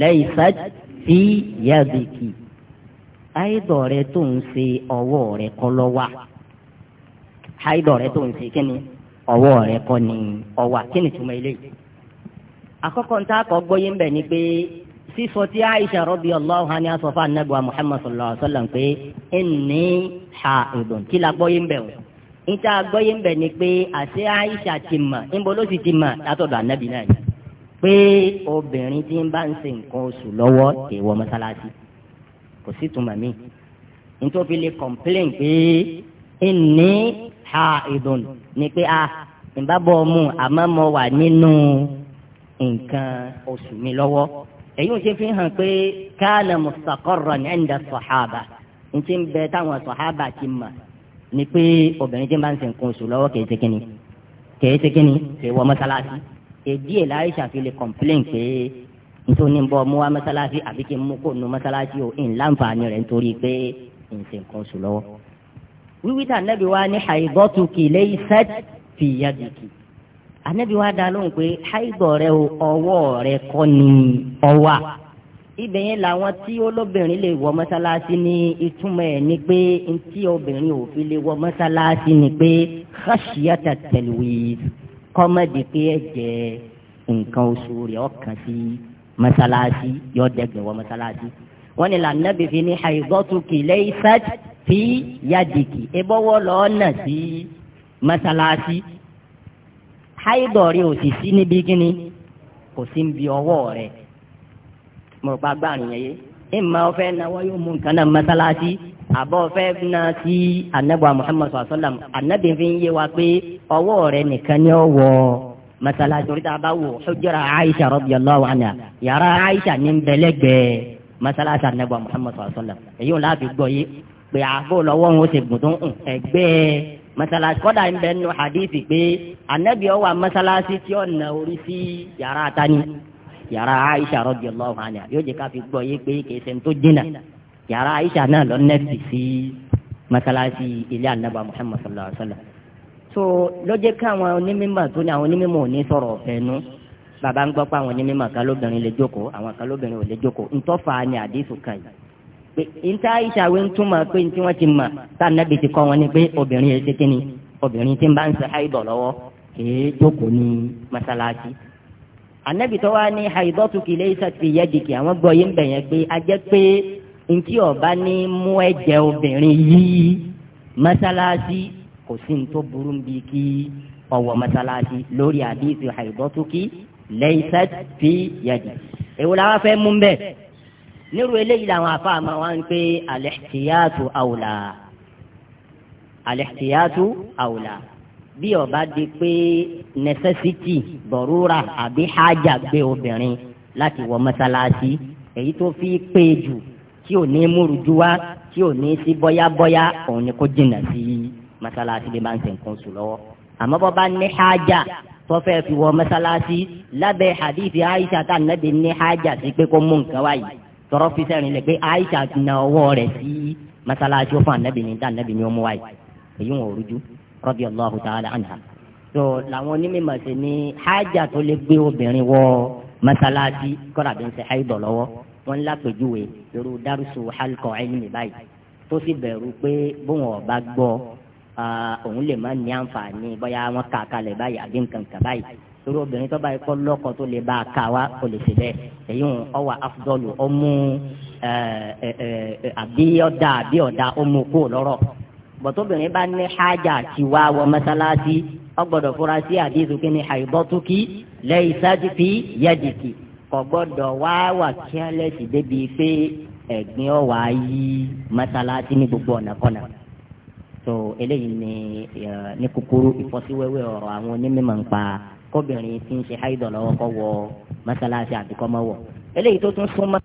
laysat fi rẹ tó ń ṣe ọwọ́ rẹ kọ́ rẹ tó ń kíni ọwọ́ sísọ tí aisha radiyallahu anha asọ̀fà anagba muhammad sallallahu alayhi wa sallam pé inni ha'idun kí la gbọ́ yín bẹ̀ wọ́n níta gbọ́ yín bẹ̀ ni pé àṣẹ aisha ti mà níbo ló sì ti mà látọ̀dọ̀ anabi náà ni pé obìnrin tí ń bá ń ṣe nǹkan oṣù lọ́wọ́ èèwọ̀ mọ́sálásí kò sí tuma mi nítorí lè complain pé inni ha'idun ni pé a ah, ìbábọ̀ mu àmọ́ mo wà nínú nǹkan oṣù mi lọ́wọ́ èyí ò ṣe fi hàn pé káàlà mustaqarran 'inda sọ̀hábà n ti bẹ táwọn sọ̀hábà ti mà ni pé obìnrin ti máa ń sìnkún oṣù lọ́wọ́ kìí ṣe kínní kìí ṣe kínní kìí wọ mọ́sálásí èdí ẹ̀ láì ṣàfihàn complain pé nítorí ń bọ́ mú wá mọ́sálásí àbí kí n mú kó nu mọ́sálásí o ń láǹfààní rẹ̀ nítorí pé ń sìnkún oṣù lọ́wọ́. wíwí tà nẹ́bí wa ní àìbọ́tù kì lẹ́yìn sẹ́t anabi wa dá lóhùn pé haibọ rẹ o ọwọ́ rẹ kọ́ ni ọwà ibẹ̀ yẹn làwọn tí olóbìnrin lè wọ mọ́sálásí ní ìtumọ̀ ẹ̀ ni pé ntí obìnrin ò fi lè wọ mọ́sálásí ni pé khashiyata talwiz kọ́mọ̀dé pé ẹ̀jẹ̀ nǹkan oṣù rẹ̀ ọkàn sí mọ́sálásí yọ dẹ̀gbẹ̀ wọ mọ́sálásí. wọ́n ní lànàbì fi ní haidatuki laysat fi yadiki ebọ́wọ́ lọ́ọ́ nà sí mọ́sálásí. háìdọ̀ rí ò sì sí níbi kíni kò sí níbi ọwọ́ rẹ̀ mo gbàrin yẹn yé ìmọ̀ ọ̀fẹ́ náwó yóò mú nǹkan náà mọ́sálásí àbọ̀ ọ̀fẹ́ náà sí anábọ̀ anábì fi ń yé wa pé ọwọ́ rẹ̀ nìkan ni ó wọ mọ́sálásí orí bá Aisha radiyallahu anha yàrá Aisha ní bẹ́lẹ́gbẹ̀ẹ́ mọ́sálásí anábọ̀ Muhammad sọ̀sọ́làm èyí ò gbọ́ pé àbò lọ́wọ́ masalasi kọ́dà ń bẹ nínú hadithi pé anabi ọwọ́ masalasi tí ó na orí sí yàrá tani yàrá aisha radiyallahu anha yóò jẹ́ ká fi gbọ́ yé pé kì tó dínà yàrá aisha náà lọ nẹ́ẹ̀sì sí masalasi ilé anabi muhammad sallallahu alayhi wa sallam so lọ́jẹ́ káwọn onímọ̀ tó ní àwọn onímọ̀ ò ní sọ̀rọ̀ ọ̀fẹ́ nu bàbá ń gbọ́ pé àwọn onímọ̀ kan lóbìnrin lè jókòó àwọn kan ò lè jókòó ntọ́fà ni àdéhùn kan yìí pé níta ìṣàwé ń túmọ̀ pé tí wọ́n ti mọ̀ tá nàbì ti kọ́ wọn ni pé obìnrin yẹn ṣe kíni obìnrin tí ń bá ń ṣe haidọ̀ lọ́wọ́ kìí jókòó ní masalasi anabi tó wá ní haidọ́tukì laysat fi yadiki àwọn gbọ́ yín bẹ̀yẹn pé a jẹ́ pé ntí ọba ní mú ẹ̀jẹ̀ obìnrin yìí masalasi kò sí ní burú bí kí ọwọ́ masalasi lórí àdìsí haidọ́tukì laysat fi yadiki èwo la wá fẹ́ mú bẹ́ẹ̀ nírú eléyìí làwọn afáàmà wa ń pè al-ihtiyatu awla al-ihtiyatu awla bí ó di pé necessity bọ̀rúra àbí hájà gbé obìnrin láti wọ mọ́sálásí èyí tó fi pé jù tí ò ní múrujú wá tí ò ní sí bọ́yábọ́yá òun ni kò jìnnà sí mọ́sálásí bí máa ń sìn kún sùn lọ́wọ́ àmọ́ bọ́ bá ní hájà tó fi wọ mọ́sálásí lábẹ́ hadith Aisha tá nàbí ní hájà sí pé kó mú nǹkan wáyìí tọrọ fi sẹ́rin lẹ̀ pé Aisha na ọwọ́ rẹ̀ sí masalasi fún anabi ní anabi ní ọmọ wa yìí èyí wọn ò rújú radiyallahu ta'ala anha. tó làwọn onímọ̀ sí ni hájà tó lè gbé obìnrin wọ masalasi kọ́ra bí n ṣe haibọ̀ lọ́wọ́ wọn lápèjúwe lórí dárúsù halqa ilmi báyìí tó sì bẹ̀rù pé bóun ọba gbọ́ òun lè má ní àǹfààní bóyá wọn kà kalẹ̀ báyìí àbí nǹkan kan báyìí torí obìnrin tó bá yẹ kọ́ lọ́kọ̀ tó lè bá a kà wá kò lè ṣe bẹ́ẹ̀ èyí ń ọwà afdọ́lù ọmú àbí ọ̀dà àbí ọ̀dà ọmú kú lọ́rọ̀ bọ̀tọ́bìnrin bá ní hájà tí wá wọ mọ́sálásí ọgbọ́dọ̀ fura sí àdéhùn kí ni àìbọ́túkì lẹ́yìn sájúfì yẹ́dìkì kò gbọ́dọ̀ wá wà kíálẹ̀sì débi pé ẹ̀gbin ọ̀wà yí mọ́sálásí ní gbogbo ọ̀nà kọ́nà so eléyìí ni ní kúkúrú ìfọ́síwẹ́wẹ́ ọ̀rọ̀ àwọn onímọ̀ ń kóbìnrin tí ń ṣe háìdọ̀ lọ́wọ́ kó wọ mọ́sálásí àbíkọ́ mọ́wọ́ eléyìí tó tún súnmọ́.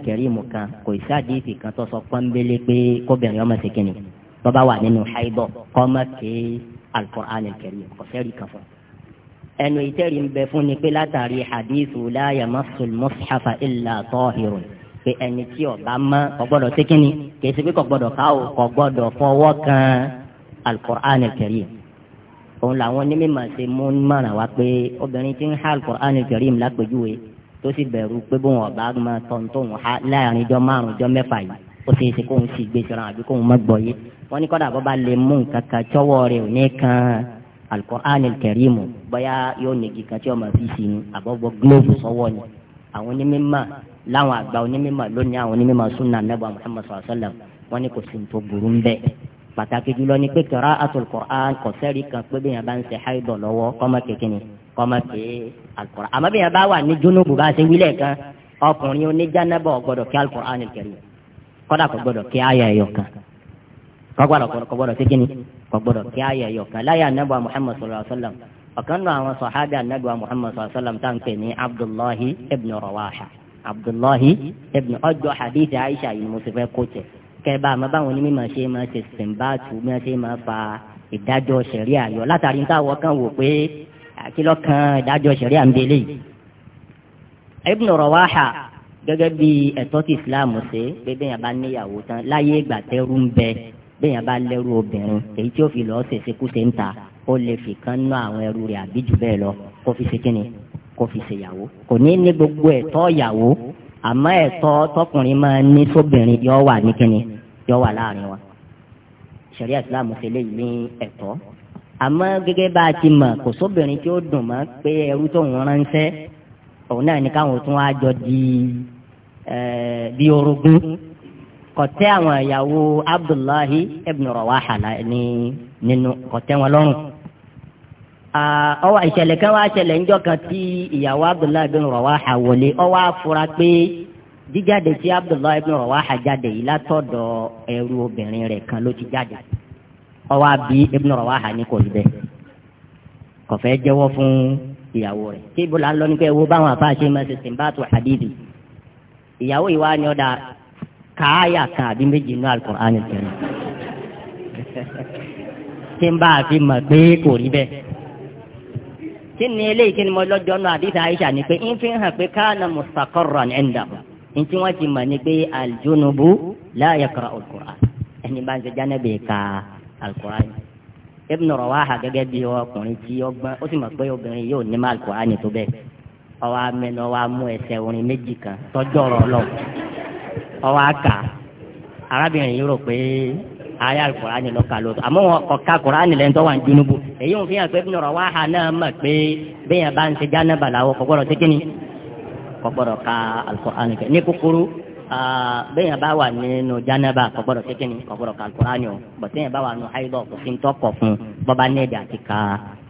Qur'anul Karim kan kò sí àdìsí kan tó sọ pọ́nbélé pé kóbìnrin ọmọ ṣe kínní tó bá wà nínú haibọ kọ́mọ ké Al-Qur'anul Karim kò sẹ́rí kan fún ẹnu ìtẹ́rì ń bẹ fún ni pé látàrí hadithu la yamassul mushafa illa tahirun pé ẹni tí ọba mọ ọgbọ́dọ̀ ṣe kínní kì í ṣe pé kò gbọ́dọ̀ ká o kò gbọ́dọ̀ fọwọ́ kan Al-Qur'anul òun làwọn onímọ̀ ṣe mú mọ̀ràn wá pé obìnrin ti ń há Al-Qur'anul Karim lápèjúwe tó sì bẹ̀rù pé bóun ọ̀bá máa tọ́nu tóun há láàrin ijọ́ márùn ijọ́ mẹ́fà yìí ó ṣeé ṣe kóun sì gbé sọ̀rọ̀ àbí kóun má gbọ́ yé wọ́n ní kọ́dà bọ́ba lè mú nǹkan kan tọ́wọ́ rẹ̀ ò ní kan alukur'an kẹrìmù bóyá yóò nìgí kan tí ọmọ fi sìn àbọ̀bọ̀ gílóòbù sọ́wọ́ ni àwọn onímọ̀ láwọn àgbà onímọ̀ lónìí àwọn onímọ̀ sunna nebà muhammad sallallahu alayhi wa sallam wọ́n ní kò sí ní tó burú ń bẹ́ẹ̀ pàtàkì jùlọ ni pé kẹ́rọ àtúlùkọ́án kọ́mọ sí alukóra àmọ́ bí yẹn bá wà ní jónúbù bá ṣe wílẹ̀ kan ọkùnrin oníjànàbọ̀ gbọ́dọ̀ kí alukóra kẹrìm kọ́dà kò gbọ́dọ̀ kí ayà ẹ̀yọ̀ kan kọ́gbọ́dọ̀ kò gbọ́dọ̀ sí kíni kò gbọ́dọ̀ kí ayà ẹ̀yọ̀ láyà anábọ̀ muhammad sallallahu alayhi wa sallam ọ̀kan nù àwọn sọ̀hábì anábọ̀ muhammad sallallahu alayhi tá à pè ní abdullahi ibn rawaha abdullahi ibn ọjọ́ hadith aisha yìí mo sì fẹ́ kó tẹ̀ kẹ́ẹ̀bá àmọ́ báwọn onímọ̀ ṣe máa ṣe sìnbáàtù bí wọ́n ṣe máa fa ìdájọ́ ṣẹ̀ríà yọ àkìlọ́ kan ìdájọ́ ṣẹ̀rí àǹdélé yìí. Ibn Rawaha gẹ́gẹ́ bí ẹ̀tọ́ ti ìsìláàmù ṣe pé bẹ́ẹ̀ bá níyàwó tán láyé ìgbà tẹ́rù ń bẹ bẹ́ẹ̀ bá lẹ́rù obìnrin èyí tí ó fi lọ́ọ́ ṣèṣekúṣe ń ta ó lè fi kan ná àwọn ẹrù rẹ̀ àbí jù bẹ́ẹ̀ lọ kó fi ṣe kíni kó fi ṣèyàwó kò ní ní gbogbo ẹ̀tọ́ ìyàwó àmọ́ ẹ̀tọ́ tọkùnrin máa ní sóbìnrin yọ wà ní kíni yọ wà láàrin wa ṣẹ̀ríà ìsìláàmù ṣe léyìí ní ẹ̀tọ́ àmọ́ gẹ́gẹ́ bá a ti mọ̀ kò sóbìnrin tí ó dùn mọ́ pé ẹrú tó ń ránṣẹ́ òun náà ní káwọn tún á jọ di bí orogún kọtẹ àwọn ìyàwó Abdullahi ibn Rawaha ní nínú kọtẹ wọn lọ́rùn ọwọ ìṣẹ̀lẹ̀ kan wá ṣẹlẹ̀ ńjọ́ kan tí ìyàwó Abdullahi ibn Rawaha wọlé ọwọ afura pé jíjáde tí Abdullahi ibn Rawaha jáde yìí látọ̀dọ̀ ẹrú obìnrin rẹ̀ kan ló ti jáde. ọwọ́ àbí Ibn Rawaha ní kò rí bẹ́ẹ̀ kò fẹ́ jẹ́wọ́ fún ìyàwó rẹ̀ tí ibùdó àlọ́ ní pé ewu báwọn àfa ṣe máa ṣe sinbatu hadithi ìyàwó ìwà ni ọ̀dà káàyà kan àbí méjì inú Al-Qur'an Karim tí n bá a fi mọ̀ pé kò rí bẹ́ẹ̀ kí ni eléyìí kí ni mo lọ́jọ́ náà àdìsá Aisha ni pé ń fi hàn pé kana mustaqarran indahu ntí wọ́n ti mọ̀ ni pé al-junubu la yaqra'u ẹni bá ń ṣe jánẹ́bì ká alukurani Ibn Rawaha gẹ́gẹ́ bí ọkùnrin tí ọgbọ́n ó sì mọ̀ pé obìnrin yóò ní ma alukurani tó bẹ́ẹ̀ ọwọ́ amẹ́nu ọwọ́ amú ẹsẹ̀ orin méjì kan tọ́jú ọ̀rọ̀ lọ ọwọ́ aka arábìnrin yìí rò pé ayé alukurani lọ kà lóòótọ́ àmọ́ ọ̀ka kurani lẹ́ńtọ́ wà ní junubu èyí ń fi hàn pé Ibn Rawaha náà mọ̀ pé bẹ́ẹ̀ bá ń ṣe jáná bàlá wọ tẹ́kínì kọ́gbọ́dọ̀ ka alukurani kẹ́ ní kúkúrú Ah, bẹ́yàn bá wà nínú jánábà kò gbọ́dọ̀ kékeré ní kò gbọ́dọ̀ ka alukur'ani o bọ̀tẹ́yàn bá wà nínú haidọ̀ kò sí ń tọkọ̀ fún bọ́ba nẹ́ẹ̀dì àti ka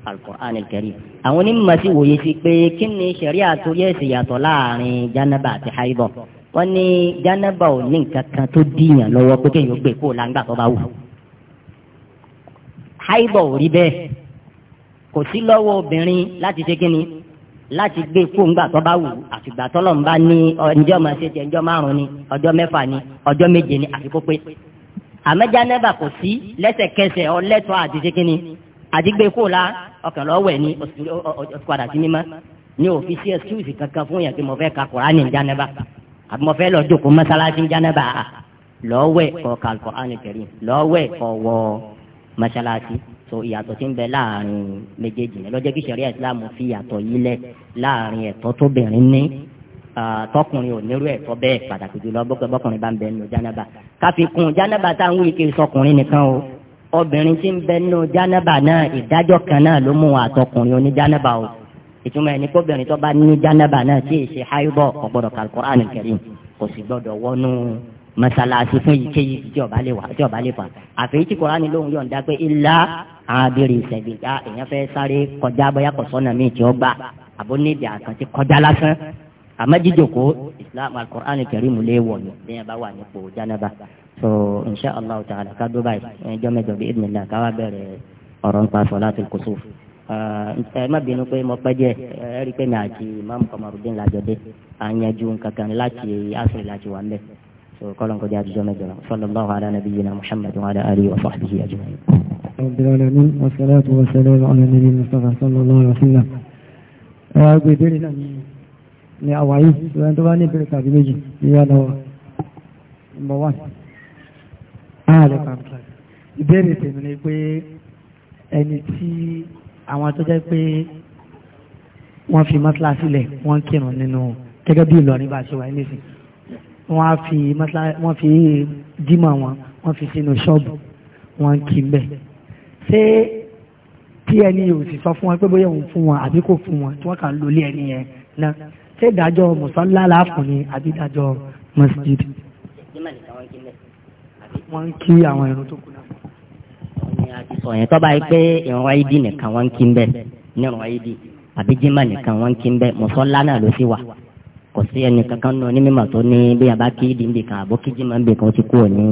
alukur'ani kẹrì. àwọn onímọ̀ sí wòye sí pé kí ni sẹ̀ríà torí ẹ̀sìn yàtọ̀ láàrin jánábà àti haidọ̀ wọ́n ní jánábà ò ní nǹkan kan tó dìyàn lọ́wọ́ pé kéèyàn gbé kó o la ń gbà tó bá wù. haidọ̀ ò rí bẹ́ẹ̀ kò sí lọ́wọ́ obìnrin láti ṣe kíni láti gbé fún gbà tó bá wù àfìgbà tó lọ́n bá ní ọjọ́ máa ṣe jẹ́ ọjọ́ márùn-ún ni ọjọ́ mẹ́fà ni ọjọ́ méje ni àfi kó pé àmẹ́já nẹ́bà kò sí lẹ́sẹ̀kẹsẹ̀ ọlẹ́tọ̀ àti ṣe kínní àdígbé kó la ọkàn lọ́wẹ̀ ni ọ̀sùkọ̀dà sí mímọ́ ní òfin sí ẹ̀sùsì kankan fún yẹn pé mo fẹ́ ka Kùránì ní jánẹ́bà àbí mo fẹ́ lọ jókòó mọ́sálásí ní jánẹ́bà lọ́wẹ̀ kọ̀ọ̀kan Kùránì Kárím lọ́wẹ̀ kọ̀ọ̀wọ̀ so ìyàtọ̀ tí ń bẹ láàrin méjèèjì ní lọ́jọ́ kí sẹ̀ríà islam fi ìyàtọ̀ yìí lẹ̀ láàrin ẹ̀tọ́ tóbìnrin ní tọkùnrin ò nírú ẹ̀tọ́ bẹ́ẹ̀ pàtàkì jùlọ bọ́kẹ́ bọ́kùnrin bá ń bẹ nínú jánábà káfíkún jánábà táwọn wíìkì sọkùnrin nìkan o obìnrin tí ń bẹ nínú jánábà náà ìdájọ́ kan náà ló mú àtọkùnrin oní jánábà o ìtumọ̀ ẹni kóbìnrin tó bá ní jánábà náà tí ì ṣe háyúbọ̀ kò gbọ́dọ̀ ka quran Al-Karim kò sì gbọ́dọ̀ wọnú mọ́sálásí fún ìkéyìí tí ọba lè fà àfẹ́yìí tí Kùránì lóhùn yọ̀ǹda pé ilá ábírì ìṣẹ̀bí já èèyàn fẹ́ sáré kọjá bóyá kò sọ́nà míì tí ó gbà àbó nídìí àkàntì kọjá lásán àmọ́ jíjòkó islam alukur'an kẹrìmù lè wọ̀ ní bẹ́ẹ̀ bá wà nípò jánaba so insha allah ta'ala ká dúró báyìí ẹjọ́ mẹ́jọ bí ibùdó náà káwá bẹ̀rẹ̀ ọ̀rọ̀ nípa solatul kusuf ẹ má bínú pé mo pẹ́ díẹ̀ ẹ rí i pé mi àti imam kọmọrùdín làjọdé à ń kankan láti asiri láti wà mẹ́ so kọ́lọ́n kọjá àtijọ́ mẹ́jọ náà Allah ala nabiyyina muhammadu wa ala Ali wa sahbihi ajma'in. رب العالمين والصلاة والسلام على النبي المصطفى صلى الله عليه وسلم أعوذ بالله ni àwà yìí tí wọ́n tó bá ní ìbẹ̀rẹ̀ tàbí méjì ní yálọ́wọ́ number one ààrẹ kàkà ìbéèrè tèmi ni pé ẹni tí àwọn tó jẹ́ pé wọ́n fi mọ́tílá sílẹ̀ wọ́n kírun nínú wọ́n fi mọ́tílá wọ́n fi dímọ̀ wọn wọ́n fi sínú ṣọ́ọ̀bù wọ́n kí ń bẹ́ẹ̀ ṣé tí ẹni ò sì sọ fún wọn pé bóyá òun fún wọn àbí kò fún wọn tí wọ́n kàn lólé ẹni yẹn náà ṣé ìdájọ́ mùsọ́lá láàfún ni àbí ìdájọ́ masjid wọ́n ń kí àwọn ìrun tó kù náà. ní àti sọ yẹn tó bá yẹ nìkan wọ́n ń kí ń bẹ̀ ní ìrun ayídì àbí jimá nìkan wọ́n ń kí ń bẹ̀ mùsọ́lá náà ló sì wà kò sí ẹnì kankan nù ní mímọ̀ tó ní bí a kí ìdí nbì kan kí jimá nbì kan ó ti ní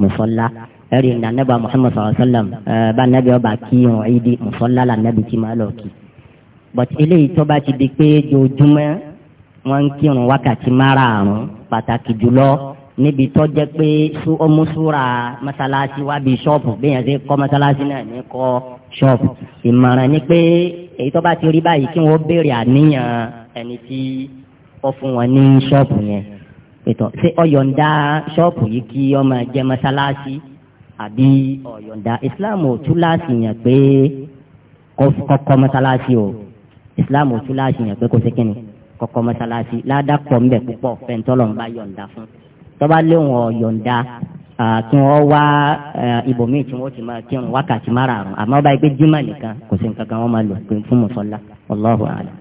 mùsọ́lá ẹ̀rí ní anábà Muhammad sallallahu alayhi wa sallam eh, bá anábì ọba kí irun ìdí mùsọ́lá lànàbì tí máa lọ kí but eléyìí tó bá ti di pé jojúmọ́ wọ́n ń kírun wákàtí márààrún pàtàkì jùlọ níbi tó jẹ́ pé ọmọsúra mọ́sálásí wá bí ṣọ́ọ̀pù bí yẹn ṣe kọ́ mọ́sálásí náà ní kọ́ ṣọ́ọ̀pù ìmọ̀ràn ni pé èyí tó bá ti rí báyìí kí wọ́n béèrè àníyàn ẹni tí ó fún wọn ní ṣọ́ọ̀pù yẹn ètò ṣé ó yọ̀ǹda ṣọ́ọ̀pù yìí kí ó jẹ́ mọ́sálásí àbí ọ̀yọ̀ǹda islam ò tú láti yàn pé kọ́kọ́ mọ́sálásí o islam ò tú láti yàn pé kò sí kínni kọ́kọ́ mọ́sálásí ládàpọ̀ ńbẹ púpọ̀ fẹ́ntọ́lọ́ ń bá yọ̀ǹda fún tọ́ba léwọn ọ̀yọ̀ǹda kí wọ́n wá ibòmíì tí wọ́n ti máa kírun wákàtí márààrún àmọ́ báyìí pé jimá nìkan kò sí nǹkan kan wọ́n máa lò pé fún mùsọ́lá Allahu a'lam.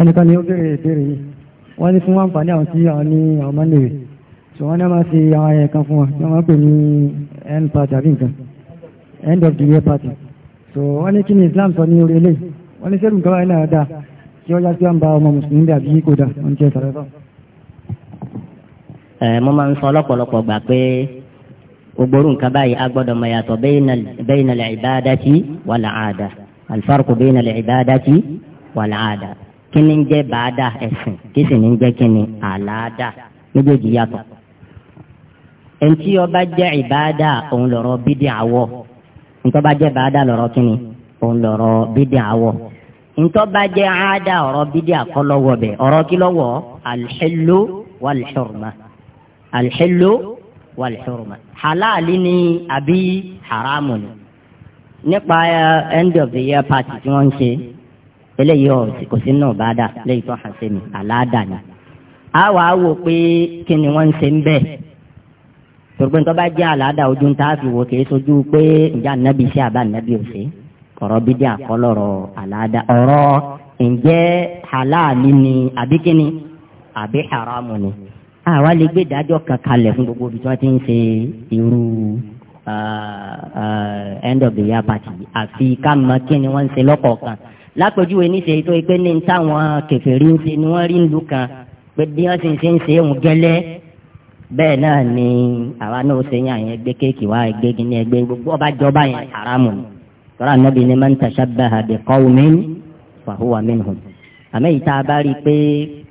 ẹnìkan ni ó béèrè ìbéèrè yìí wọ́n ní fún àǹfààní àwọn tí àwọn ní àwọn máa ń lè rè so wọ́n náà máa ṣe àwọn ayẹyẹ kan fún wa wọ́n pè ní end party àbí nǹkan end of the year party so wọ́n ní kí ni Islam sọ ní orí ilé wọ́n ní sẹ́rù nǹkan wáyé náà dáa kí ó yá sí àǹbá ọmọ mùsùlùmí dàbí kò dáa wọ́n ti ẹ̀ sọ̀rọ̀ sọ. ẹ mo máa ń sọ lọ́pọ̀lọpọ̀ gbà pé gbogbo nǹkan báyìí a gbọ́dọ̀ mọ̀ yàtọ̀ bayna al-ibadati wal-aada al-farqu bayna al-ibadati wal kí ni ń jẹ́ bàádà ẹ̀sìn kí sì ni ń jẹ́ kí ni àlàádà méjèèjì yàtọ̀ ẹnití ọba jẹ́ ìbáadà òun lọ̀rọ̀ bídí àwọ̀ ntọ́ba jẹ́ ìbáadà lọ̀rọ̀ kínní òun lọ̀rọ̀ bídí àwọ̀ ntọ́ba jẹ́ àádà ọ̀rọ̀ bídí àkọlọ́wọ̀ bẹ̀ ọ̀rọ̀ kí lọ́wọ́ alḥillu walḥurma alḥillu walḥurma halali ni àbí haramu ni nípa end of the year party tí wọ́n ń ṣe eléyìí ọ̀ kò sí náà bá léyìí tó hàn sí mi àlàáda ni a wò pé kí ni wọ́n ń ṣe ń bẹ́ẹ̀ torípé tó bá jẹ́ àlàáda ojú ń tààfi wò kìí sojú pé ǹjẹ́ ànábì sí àbá ànábì ò sí ọ̀rọ̀ bídí àkọlọ̀rọ̀ àlàáda ọ̀rọ̀ ǹjẹ́ halali ni àbí kíni àbí haramu ni àwa lè gbé ìdájọ́ kan fún gbogbo ibi tí ti ń ṣe irú end of the year party àfi ká mọ kíni wọ́n ń ṣe lọ́kọ̀ọ̀kan lápèjúwe níṣe tó pé ní táwọn kèfèrí ń ṣe ni wọ́n rí ìlú kan pé bí wọ́n sì ń ṣe ń ṣe òun gẹ́lẹ́ bẹ́ẹ̀ náà ni àwa náà ṣe yàn yẹn gbé kéèkì wá gbé gíní ẹgbẹ́ gbogbo ọba jọba yẹn haramu ni tọ́lá nàbí ni man tashabbaha bi qawmin fa huwa minhum àmọ́ èyí tá a bá rí i pé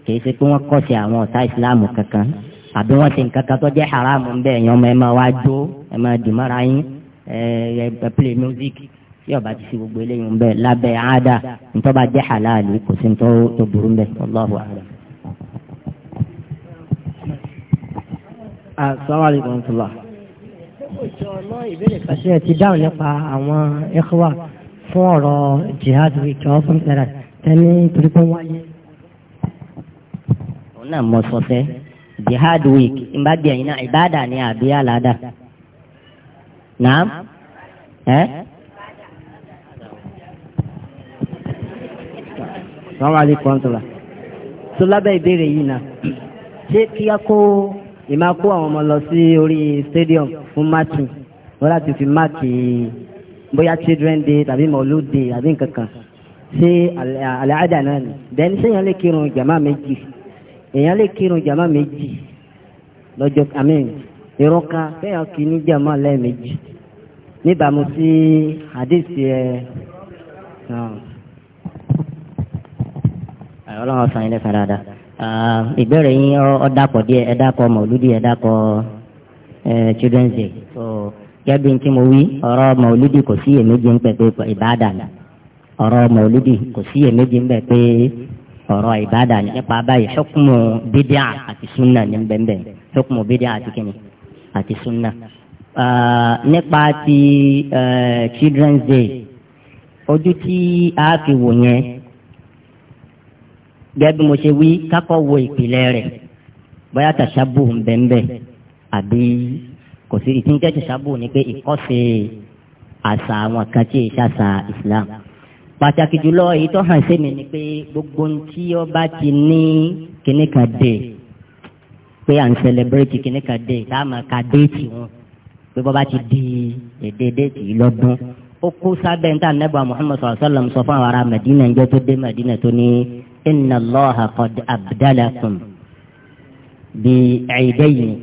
kì í ṣe pé wọ́n kọ̀sí àwọn ọ̀tá ìsìláàmù kankan àbí wọ́n ṣe nǹkan kan tó jẹ́ haramu bẹ́ẹ̀ yẹn ọmọ ẹ máa wá jó ẹ máa dì mọ́ra yín ẹ ẹ play music tí ọba ti fi gbogbo eléyìí ń bẹ lábẹ́ àádá ntọ́ba jẹ́ halal kò sí ntọ́ tó burú ń bẹ Allahu a'lam. Ah, assalamu alaikum tula. Ṣé ti dáhùn nípa àwọn ẹ̀kọ́wà fún ọ̀rọ̀ jihad week or something like that tẹ́lẹ̀ torí pé wáyé. Òun náà mọ sọfẹ́ jihad week ìbádìí ẹ̀yin náà ìbádà ni àbí àládà. Nàám ẹ́. Assalamu alaikum Tó lábẹ́ ìbéèrè yìí náà, ṣé kí á kó ìmá kó àwọn ọmọ lọ sí orí stadium fún matching wọ́n láti fi máàkì eh, bóyá children day tàbí mọ̀lúù day àbí nǹkan kan ṣé àlàáda náà ni then ṣé èèyàn lè kírun jàmá méjì èèyàn lè kírun jàmá méjì lọ́jọ́ àmín ìrọ́ka fẹ́yàn kì í ní jàmá lẹ́ẹ̀mejì níbàámu sí eh, àdéhìsí ẹ ọlọ́run ọ̀sán ilé kan dáadáa ìbéèrè yín ọ dàpọ̀ díẹ̀ ẹ dàpọ̀ mọ̀lúdì ẹ dàpọ̀ children's day so gẹ́gẹ́ bí n tí mo wí ọ̀rọ̀ mọ̀lúdì kò sí èméjì ń pẹ̀ pé ìbáàdà ni ọ̀rọ̀ mọ̀lúdì kò sí èméjì ń pẹ̀ pé ọ̀rọ̀ ìbáàdà ni nípa báyìí ṣọ́kùmù bídíà àti súnà ní bẹ́ẹ̀ ṣọ́kùmù bídíà àti kìnnì àti súnà. nípa ti children's day ojú tí a fi wò yẹn gẹ́gẹ́ bí mo ṣe wí kákọ́ wo ìpìlẹ̀ rẹ̀ bóyá tàṣàbù ń bẹ̀ ń bẹ̀ àbí kò sí ìtí tàṣàbù ni pé ìkọ́sí àṣà àwọn kan tí ìṣàṣà Islam pàtàkì jùlọ èyí tó hàn sí mi ni pé gbogbo ohun tí ó bá ti ní kíní kan dé pé à ń celebrate kíní kan dé tá a máa ka déètì wọn pé bọ́ bá ti di èdè déètì yìí lọ́dún ó kó sábẹ́ nẹ́bà Muhammad sallallahu alaihi sọ fún àwọn ará Madina ń jẹ́ tó dé Madina tó ní. إن الله قد abdalakum bi هذا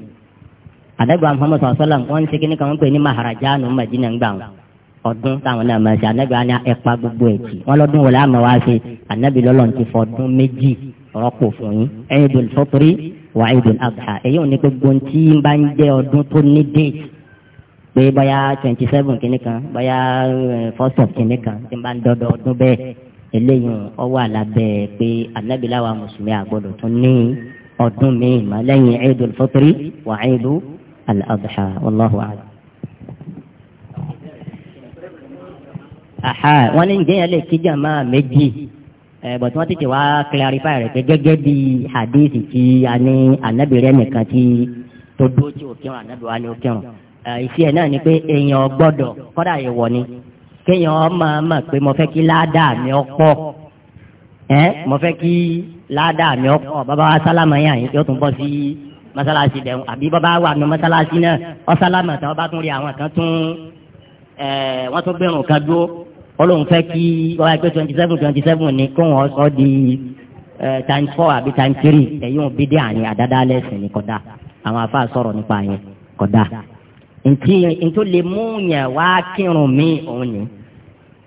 àdàgbà muhammadu sallallahu alaihi wa sallam wọ́n ń ṣe kíní kan wọ́n pè ní maharajanu madina gbà wọn ọdún táwọn náà máa ṣe anabi àná ẹ̀pa gbogbo ẹ̀jì wọn lọ́dún wọlé àmọ́ wá ṣe anabi lọ́lọ́run ti fọdún méjì rọ́pò fún yín Eidul Fitri wà Eidul Adha èyí ò ní pé gbòǹtì bá ń jẹ́ ọdún tó ní déètì pé bóyá twenty seven kìíní kan eh, first of kìíní tí n bá ń dọ́dọ̀ ọdún bẹ́ẹ̀ eléyìí ọ wà lábẹ́ pé anábìláwa mùsùlùmí àgbọ̀dọ̀ tún ní ọdún míì má lẹ́yìn Eidul Fitri wà Eidul Adha wallahu a'lam. wọ́n ní ǹjẹ́ yẹn lè kí jàmá méjì bọ̀tí wọ́n tètè wá clarify rẹ̀ pé gẹ́gẹ́ bí hadithi tí a ní anábìrẹ́ nìkan tí tó dúró tí òkèrún anábìwá ní òkèrún ìfi ẹ̀ náà ni pé èèyàn gbọ́dọ̀ kọ́dà ìwọ ni kéèyàn ọmọ ọmọ pé mo fẹ́ kí ládàá mi ọ̀pọ̀ ẹ mo fẹ́ kí ládàá mi ọ̀pọ̀ bàbá wa sálámà yà yín yóò tún bọ́ sí mọ́sálásí dẹ̀ àbí bàbá wa nu mọ́sálásí náà ọ sálámà tán ọba tún rí àwọn kan tún ẹ wọ́n tún gbẹ̀rùn kan dúró olóhùn fẹ́ kí ọba ẹgbẹ́ twenty seven twenty seven ni kó wọn sọ di times four àbí times three ẹ̀yìn òbí dé àní àdáda lẹ́sìn ní kọ́dà àwọn afá sọ̀rọ̀ nípa yẹn kọ́dà ntí ntó lè mú yẹn wá kírun mí òun ni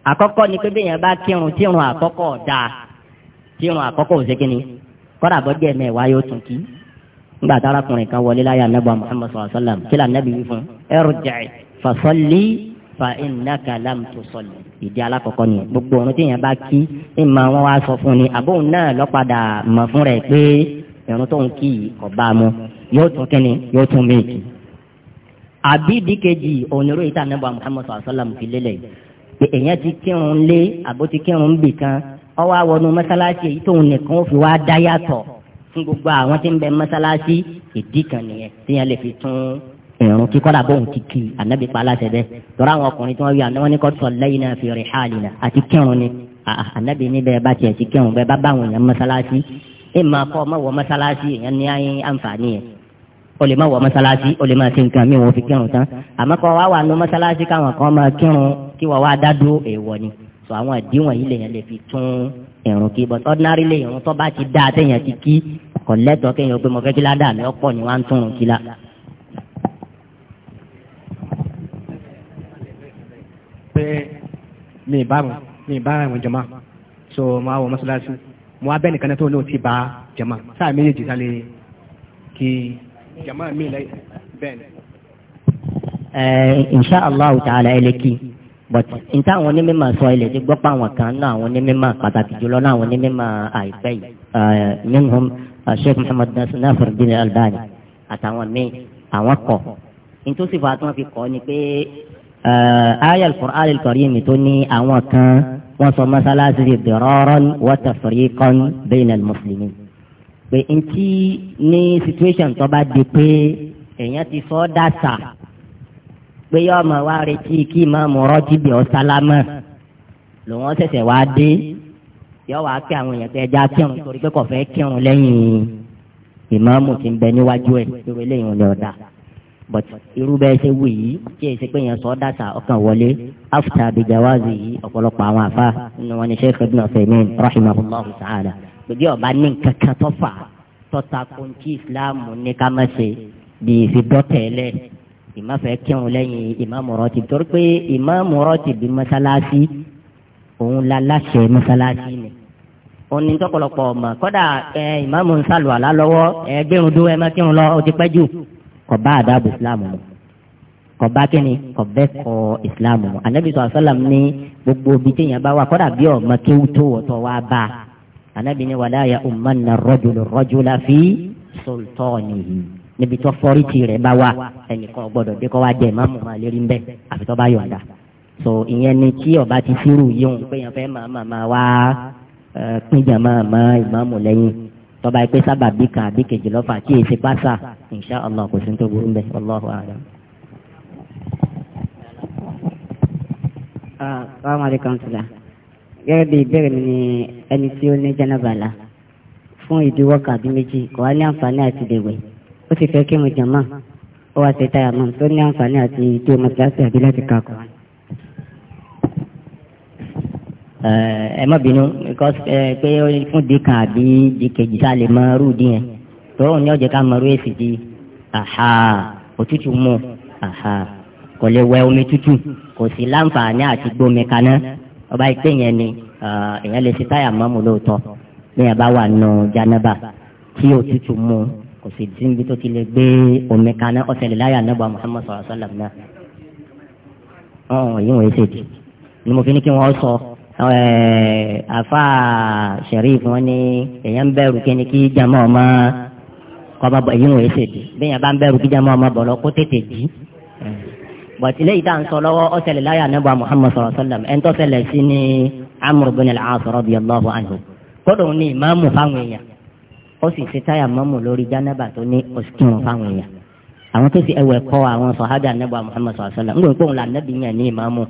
àkọ́kọ́ ni pé bẹ́yẹn bá kírun tírun àkọ́kọ́ dáa tírun àkọ́kọ́ ò ṣégin ni kọ́dà bọ́jú ẹ̀mẹ́ wa yóò tún kí nígbà tí arákùnrin kan wọlé láyà nàbà Muhammad sallallahu alaihi wa sallam kí là nàbì wí fún irji' fasalli fa innaka lam tusalli ìdí alákọ̀ọ́kọ́ ni gbogbo ọ̀run tí yẹn bá kí ìmọ̀ wọn wá sọ fún ni àbóhùn náà lọ́padà mọ̀ fún rẹ̀ pé ìrun tó ń kí kò mu yóò tún kíni yóò tún méjì àbí ìdíkejì onírúurú ìtàn nàbà Muhammad sallallahu alaihi wa sallam fi lélẹ̀ èèyàn ti kírun lé àbó ti kírun bì kan ọwọ́ àwọnú mọ́sálásí èyí tóun nìkan ó fi wá dá yàtọ̀ fún gbogbo àwọn tí ń bẹ mọ́sálásí ìdí kan nìyẹn tíyẹn lè fi tún ìrùn kíkọ́ la bóun ti kí anabi kpala ṣe bẹ́ẹ̀ tọ́ra àwọn ọkùnrin tí wọ́n wí àwọn oníkọ́ sọ lẹ́yìn náà fi rìn hàlì náà àti kírun ni anabi ní bá tiẹ̀ ti kírun bẹ́ẹ̀ bá bá àwọn èèyàn mọ́sálásí ẹ̀ máa kọ́ ọ wọ o lè má wọ mọ́sálásí o lè má ti mi wọ́n fi kírun tán àmọ́ kọ́ wá wà nù mọ́sálásí káwọn kan máa kírun kí wọ́n wá dádúró èèwọ̀ ni so àwọn àdíwọ̀n yìí lèyàn lè fi tún ìrun kí but ordinary lè ìrun tó bá ti dá àtẹ̀yàn ti kí kò lẹ́tọ̀ọ́ kéèyàn pé mo fẹ́ kí ládàá mi ọ̀pọ̀ ni wọ́n á ń túnrun kí la. pé mi ì bá mi ì bá àwọn jọmọ so mo á wọ mọ́sálásí mo á bẹ́ẹ̀ nìkan náà tó ní o ti bá jọmọ sáà méjèèjì sálẹ̀ kí jama mi lẹ́yìn bẹ́ẹ̀ ni. ẹ insha allah ta'ala eleki but n táwọn onímọ̀ sọ ilẹ̀ tí gbọ́ pa àwọn kan náà àwọn onímọ̀ pàtàkì jùlọ náà àwọn onímọ̀ àìpẹ́ yìí minhum uh, sheikh muhammad nasiruddin albani àtàwọn míì àwọn kọ̀ nítorí fà tí fi kọ́ ni pé aya al-qur'an al-karim tó ní àwọn kan wọ́n sọ masalasi di diraran wa tafriqan bayna al-muslimin pé ntí ní situation tó bá di pé èèyàn ti sọ ọ́ dàtà pé yọ ọmọ wa retí kí ìmáàmù rọ́ọ̀tì bí ọ sálámà lòun ọ ṣẹ̀ṣẹ̀ wá dé yọ wá kí àwọn èèyàn tẹ́ ẹja kírun torí pé kò fẹ́ kírun lẹ́yìn ìmáàmù tí ń bẹ níwájú ẹ̀ irú eléyìí ò lè but irú bẹ́ẹ̀ ṣe wù yìí kí èsì pé èèyàn sọ ọ́ dàtà ọkàn wọlé after abijawazi yìí ọ̀pọ̀lọpọ̀ àwọn àfa nínú wọn ni sheikh ibn Uthaymeen rahimahullah ta'ala sòdí ọba ní nǹkan kan tó fà tọ́ta kọ́ńtì ìsìláàmù ní ká má ṣe bí ìfidọ́tẹ̀lẹ̀ ìmáfẹ́ kírun lẹ́yìn ìmáàmù rọ́ọ̀tì torí pé ìmáàmù rọ́ọ̀tì bí mọ́sálásí òun la láṣẹ mọ́sálásí ni òun ní tọ́pọ̀lọpọ̀ ọmọ kọ́dà ẹ ìmáàmù ń sàlù àlá lọ́wọ́ ẹ gbẹ̀rún dún ẹ má kírun lọ ó ti pẹ́ jù kò bá ìsìláàmù mu kò bá kíni kọ ìsìláàmù mu ànábì sọ̀rọ̀ sọ́làm ní gbogbo ibi téèyàn bá wà kọ́dà bí ọmọ kéwú tó wọ̀ tọ́ wá bá a anabi ni wàlá ya umanna rọjòló rọjòlá fi sultani yìí níbi tó fọrítì rẹ̀ bá wà ẹnìkan gbọ́dọ̀ dé kọ wá jẹ ìmáàmù máa lérí ń bẹ àfi tó bá yọ̀ǹda so ìyẹn ni tí ọba ti fírù yíwọn pé yẹn fẹ́ máa máa máa wá pínjà máa mọ ìmáàmù lẹ́yìn tọba ìpè sábà bí kan àbí kejì lọ́fà tí èsì pásá insha allah kò sí ní tó burú ń bẹ wallahu a'lam. Ah, assalamu alaikum gẹ́gẹ́ bí ìbéèrè mi ni ẹni tí ó ní jẹ́nàbàlà fún ìdíwọ́ kàbí méjì kò wá ní àǹfààní àti dèwẹ̀ ó sì fẹ́ kí mo jàn mọ́ ó wá ṣe táyà mọ́ tó ní àǹfààní àti tó mọ́tíláṣí àbí láti kakọ̀. ẹ má bínú pé fún di kan àbí di kejì tá a lè mọ rúdi yẹn tọ́wọ́ ní ọ̀jẹ̀ ká mọ rú èsì di òtútù mọ́ kò lè wẹ omi tútù kò sí láǹfààní àti gbómi kaná ọba ìpè yẹn ni èèyàn lè ṣe táyà mọ́mù lóòótọ́ lẹ́yìn bá wà nù jánábà tí òtútù mú kò sì dín bí tó ti lè gbé omi kaná ọ̀sẹ̀lẹ̀ láyà nàbà Muhammad sallallahu alaihi wasallam náà ọ̀hún yìí wọ́n ṣe dì ni mo fi ní kí wọ́n sọ àfa Sharif wọn ni èèyàn ń bẹ̀rù kí ni kí jama ọmọ kọ́ bá bọ̀ yìí wọ́n ṣe dì bẹ́ẹ̀ yẹn bá ń bẹ̀rù kí jama ọmọ bọ̀ lọ kó tètè dì í but ilé yìí tá à ń sọ lọ́wọ́ ó ṣẹlẹ̀ láyà nígbà muhammad sallallahu alayhi wa sallam ẹ̀ńtọ́ ṣẹlẹ̀ sí ní amr bin al-as radiyallahu anhu kódò ní ìmáàmù fáwọn èèyàn ó sì ṣe táyà mọ́mù lórí jánẹ́bà tó ní òṣìkìmù fáwọn èèyàn àwọn tó fi ẹwẹ̀ kọ́ àwọn sọ̀hádà nígbà muhammad sallallahu alayhi wa sallam ńgbọ̀n pé òun là nẹ́bí yẹn ní ìmáàmù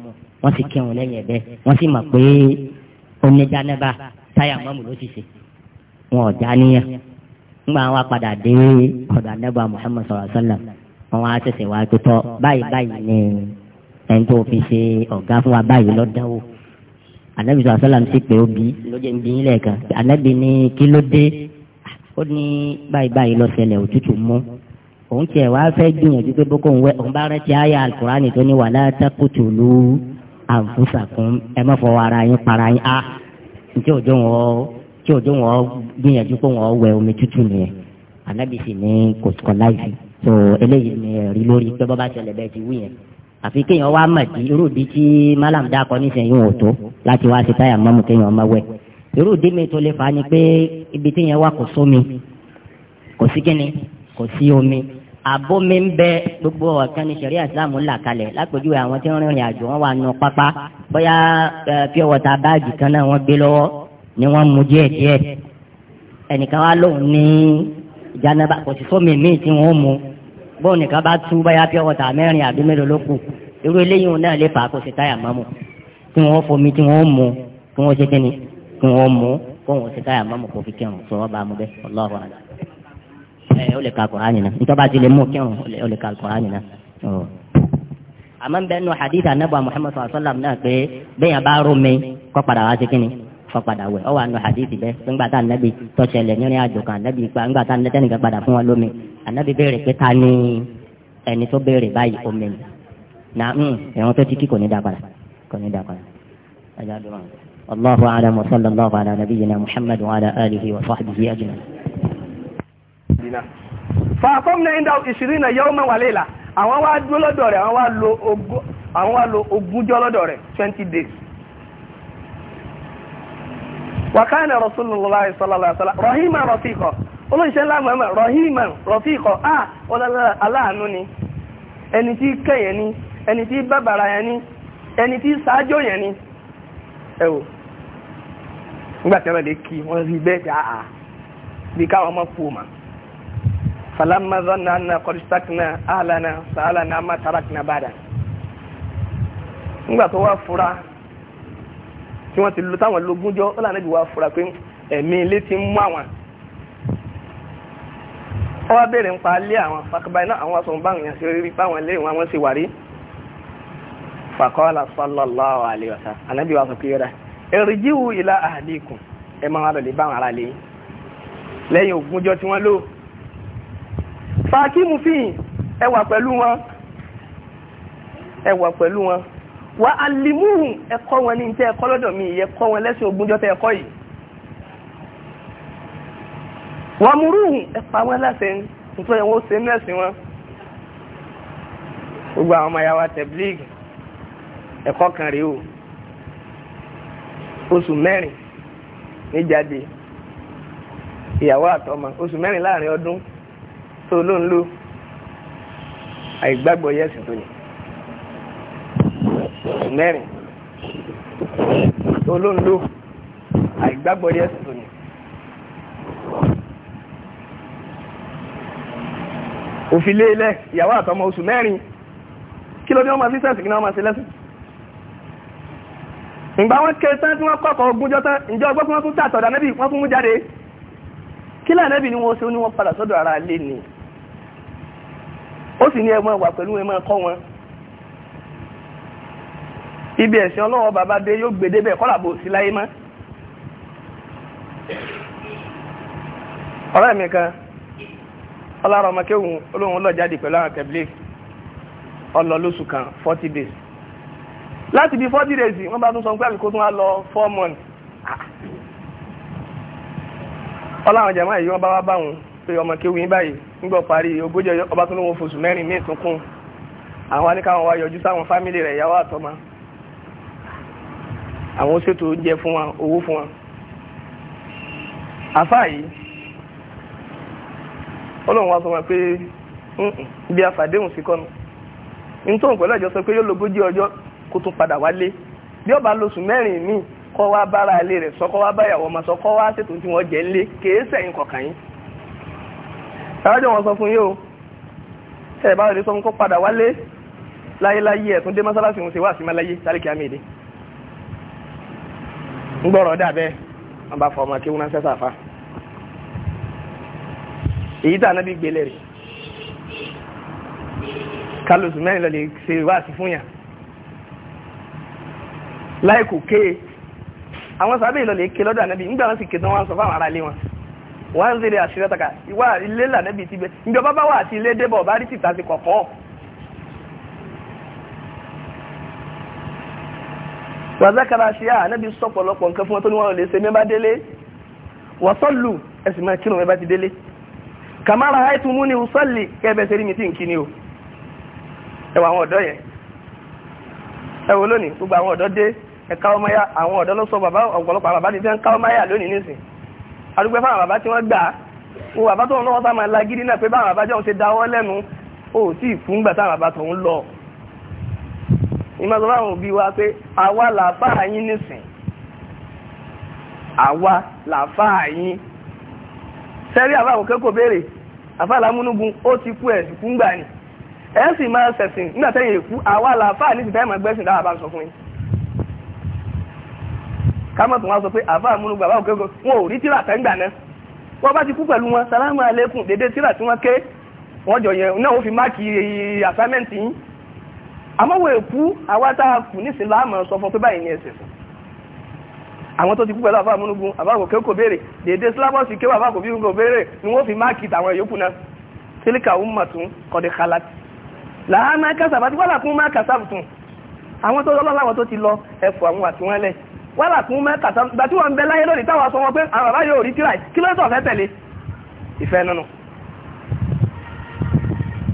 wọ́n wọn á tẹ̀sẹ̀ wá tó tọ́ báyìí báyìí ni ẹni tó fi ṣe ọ̀gá fún wa báyìí lọ́dánwò anabi sọ asọ́làmù sí pé obì lóye ń bí ilẹ̀ kan anabi ní kí ló dé ó ní báyìí báyìí lọ ṣẹlẹ̀ òtútù mú òun tiẹ̀ wá fẹ́ gbìyànjú pé boko òun wẹ́ òun bá rántí àyà alukurani tó ní wàlá takutu lu àǹfùsàkùn ẹ má fọwọ́ ara yín para yín a ah, tí òjò wọn tí òjò wọn gbìyànjú pé wọn wẹ omi tútù nìyẹn anabi sì ní kò láìsí so eléyìí ni ẹ̀rí lórí pé bọ́ bá ṣẹlẹ̀ bẹ́ẹ̀ ti wí yẹn àfi kéèyàn wá mọ̀dí irúdi tí malam dákọ nísìnyí wọn ò tó láti wá sí táyà mọ́mú kéèyàn ọmọ wẹ̀ irúdi mi tó lè fà á ni pé ibi téèyàn wà kò sómi kò sí kíni kò sí omi abomi ń bẹ gbogbo ọ̀kan ní sẹ̀rí àsìlámù là kalẹ̀ lápèjúwe àwọn tí wọ́n rìnrìn àjò wọn wà nù pápá bóyá pure water báàgì kan náà wọ́n gbé lọ́wọ́ ni wọ́n mu díẹ̀ díẹ̀ ẹnìkan wá lóun ní ìjànàbà kò sí sómi míì tí wọ́n mu bóun nìkan bá tú báyà pé ọ̀tà mẹ́rin àbí mélòó ló kù irú eléyìí náà lè fà á kó ṣe táyà mọ́mù tí wọ́n fomi tí wọ́n mú tí wọ́n ṣe kíni tí wọ́n mú kó wọ́n ṣe táyà mọ́mù kó fi kírun sọ ọba amúbẹ́ Allahu àlá ẹ ó lè ka Kùránì náà nítorí bá ti lè mú kírun ó lè ka Kùránì náà àmọ́ bẹ́ẹ̀ nù hadith anábọ̀ Muhammad sallallahu náà pé bẹ́ẹ̀ yẹn bá rú mi kó padà wá ṣe kíni fọpadà wẹ̀ ọ wà nù hadithi bẹ́ẹ̀ nígbà tá ànábì tọ́ṣẹlẹ̀ nírìn àjò kan ànábì gba nígbà tá ànábì nìkan padà fún wọn lómi ànábì béèrè pé ta ni tó béèrè báyìí omi ni na hmm, ẹ̀wọ̀n tó ti kí kò ní dàgbàrà kò ní dàgbàrà wọn. Allahu a'lam wa sallallahu ala nabiyyina Muhammad wa ala alihi wa sahbihi ajma'in. fàákọ́m náà ń da ìṣirí na yawman wa layla àwọn wá dúró lọ́dọ̀ rẹ̀ àwọn wá lo ogúnjọ́ lọ́dọ̀ rẹ̀ twenty days wàkánà rasulullah sallallahu alaihi wasallam rahima rafiqa olóṣìṣẹ́ lámàmà rahima rafiqa ah aláàánú ni ẹni tí kẹyẹ ni ẹni tí bàbàrà yẹn ni ẹni tí sáájò yẹn ni ẹwò nígbàtí wọ́n lè kí wọ́n rí bẹ́ẹ̀ jà á bí káwọn ọmọ fò mà falamma zanna anna qad sakna ahlana sa'alana ma tí wọ́n ti lọ táwọn lógúnjọ́ ó lànà ìwà fura pé ẹ̀mí ilé ti ń mú àwọn ọ wá bèèrè ń pa lé àwọn fakaba àwọn aṣọ báwọn èèyàn ṣe rí rí báwọn ilé sallallahu alaihi wasallam ànábì wa sọ pé rẹ̀ èrìjíwù ìlà ahlikum ẹ máa lọ lè báwọn ará lè lẹ́yìn ògúnjọ́ tí wọ́n lò pẹ̀lú wọn wà á lè mú ẹ̀kọ́ wọn ní tẹ́ ẹ̀kọ́ lọ́dọ̀ mi ìyẹ́ kọ́ wọn lẹ́sìn ogúnjọ́ tẹ́ ẹ̀kọ́ yìí wọ́n mú rúhùn wọn láṣẹ nítorí ẹ̀wọ̀n ó ṣe wọn gbogbo àwọn ọmọ ya wa tẹ̀blíg ẹ̀kọ́ kan rèé o oṣù mẹ́rin níjáde ìyàwó àtọmọ oṣù mẹ́rin láàrin ọdún tó ló ń lò àìgbàgbọ́ yẹ́sìn tó yẹ mẹ́rin olóńdó àìgbàgbọ́dé ẹ̀sùn tó ní òfin lé ilẹ̀ ìyàwó àtọmọ oṣù mẹ́rin kí ló ní ọmọ fíṣẹ́sì kí ní ọmọ sí lẹ́sùn ìgbà wọn ké tán tí wọ́n kọ́kọ́ ogúnjọ́ tán ìjọ ọgbọ́n fún wọn tún tàtọ̀dà wọ́n fún mú jáde kí láà ni wọ́n ṣe ó ní wọ́n padà sọ́dọ̀ ara lé ni ó sì ní ẹmọ wà pẹ̀lú ẹmọ kọ́ wọn ibi ẹ̀sìn ọlọ́wọ́ bàbá dé yóò gbé débẹ̀ kọ́lá bò sí láyé mọ́ ọ̀rẹ́ mi kan ọlọ́rọ̀ ọmọkéhùn olóhùn lọ jáde pẹ̀lú àwọn tẹ̀blé ọlọ lóṣù kan forty days láti bí forty days wọ́n bá tún sọ pé àbíkó tún wá lọ four months ọlọ́run jẹ̀mọ́ èyí wọ́n bá wá bá wọn pé ọmọ kéwì yín báyìí nígbà ọba fòṣù mẹ́rin tún kún àwọn wá yọjú sáwọn fámìlì rẹ̀ àwọn ṣètò oúnjẹ fún wa owó fún wa àfáà yìí ọlọ́run wa sọ wọn pé bí afàdéhùn sí kọ́nu nítorí pẹ̀lú ẹ̀jọ́ sọ pé yóò lógójì ọjọ́ kó tún padà wálé bí ọba lóṣù mẹ́rin míì kọ́ wá bára ilé rẹ̀ sọ kọ́ wá báyàwó ọmọ sọ kọ́ wá ṣètò tí wọ́n jẹ́ ńlé kèé sẹ́yìn kọ̀ọ̀kan yín ṣáájọ́ wọn sọ fún yóò ẹ̀ bá rẹ̀ sọ fún kó padà wálé láyéláyé ẹ̀tún dé mọ́sálásí òun ṣe wá sí máláyé sálíkì àmì èdè ń gbọ́rọ̀ dàbẹ́ ọba fọmọ kí wọ́n sẹ́sà fa èyí tà náà bí gbélé rẹ̀ kálùsù mẹ́rin lọ́lẹ̀ ṣe wáàsí fún yàn láìkò kéè àwọn sábẹ́ ìlọ́lẹ̀ ké lọ́dọ̀ ànábì nígbà wọn sì ké tán sọ fáwọn ará ilé wọn wọ́n ń zèrè ilé ti bẹ wàzákàrà ṣe à nábi sọ̀pọ̀lọpọ̀ nǹkan fún wọn tó ní wọn lè ṣe mẹ́bá délé wọ́sọ́lù ẹ̀sìn máa kírun mẹ́bá ti délé kàmára àìtùmú ni sọ́lì kẹ́bẹ̀ ṣe rí mi tí ń kí ni o ẹwà àwọn ọ̀dọ́ yẹn ẹwọ lónìí gbogbo àwọn ọ̀dọ́ dé ẹ̀ka ọmọ ya àwọn ọ̀dọ́ ló ìmọ̀sán fáwọn òbí wa pé àwa làáfáà yín nìsín àwa làáfáà yín sẹ́rí àfáwọn kẹ́kọ̀ọ́ béèrè àfáàlámúnúgun ó ti kú ẹ̀sìn fún gbà ní ẹ̀ sì máa sẹ̀sìn nígbàtẹ́yìn èkú àwa làáfáà ní ti fẹ́ mọ̀ gbẹ́sìn dára bá ń sọ fún yín kámọ̀tún wá sọ pé àfáà múnugun àbáwọn kẹ́kọ̀ọ́ wọn ò rí tíra tẹ́ngbà náà wọ́n bá ti kú àmọ́wọ̀ èkú àwátá kù ní sílámà sọ fún pé báyìí ní ẹsẹ̀ fún àwọn tó ti kú pẹ̀lú àfáà múnugún àbáwò kí ó kò béèrè dédé sílábọ̀sì kéwà àbáwò bí kò béèrè ni wọ́n fi máàkì tàwọn yòókù náà tílíkà ummatun qad khalat laha ma kasabat wa lakum ma kasabtum àwọn tó lọ́lọ́ láwọn tó ti lọ ẹ̀fọ́ àwọn àti wọn lẹ̀ wa lakum ma kasabtum gbà tí wọ́n ń bẹ láyé lónìí táwọn sọ wọn pé àwọn bàbá yóò rí tíráì kí ló tọ̀ fẹ́ tẹ̀lé ìfẹ́ nínú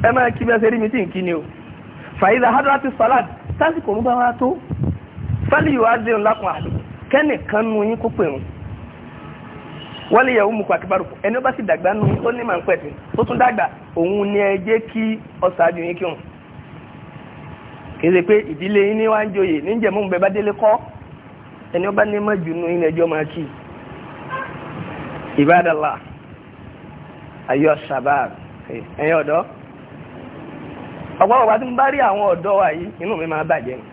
ẹ máa kí bẹ́ẹ̀ ṣe rí mi tí ń kí ni o fàyíza hadrati salad tásìkò ń bá wa tó fáliyò azẹ́rùn lápá àdùkù kẹ́nìkan nu yín kó pèrún wọ́n lè yẹ̀wò mùkù àkíbárùkù ẹni ó bá sì dàgbà nu ó ní màá ń pẹ̀tì ó tún dàgbà òun ni ẹ jẹ́ kí ọ̀sàájú yín kírun kì í ṣe pé ìdílé yín ní wá ń joyè níjẹ̀ mú bẹ́ẹ̀ bá délé kọ́ ẹni ó bá ní mọ́ jù nu yín ẹjọ́ máa kì ìbádàlá ayọ̀ sàbáà ẹ̀yin ọ̀dọ́ ọ̀pọ̀lọpọ̀ tí ń bá rí àwọn ọ̀dọ́ wa yìí inú mi máa bàjẹ́ ni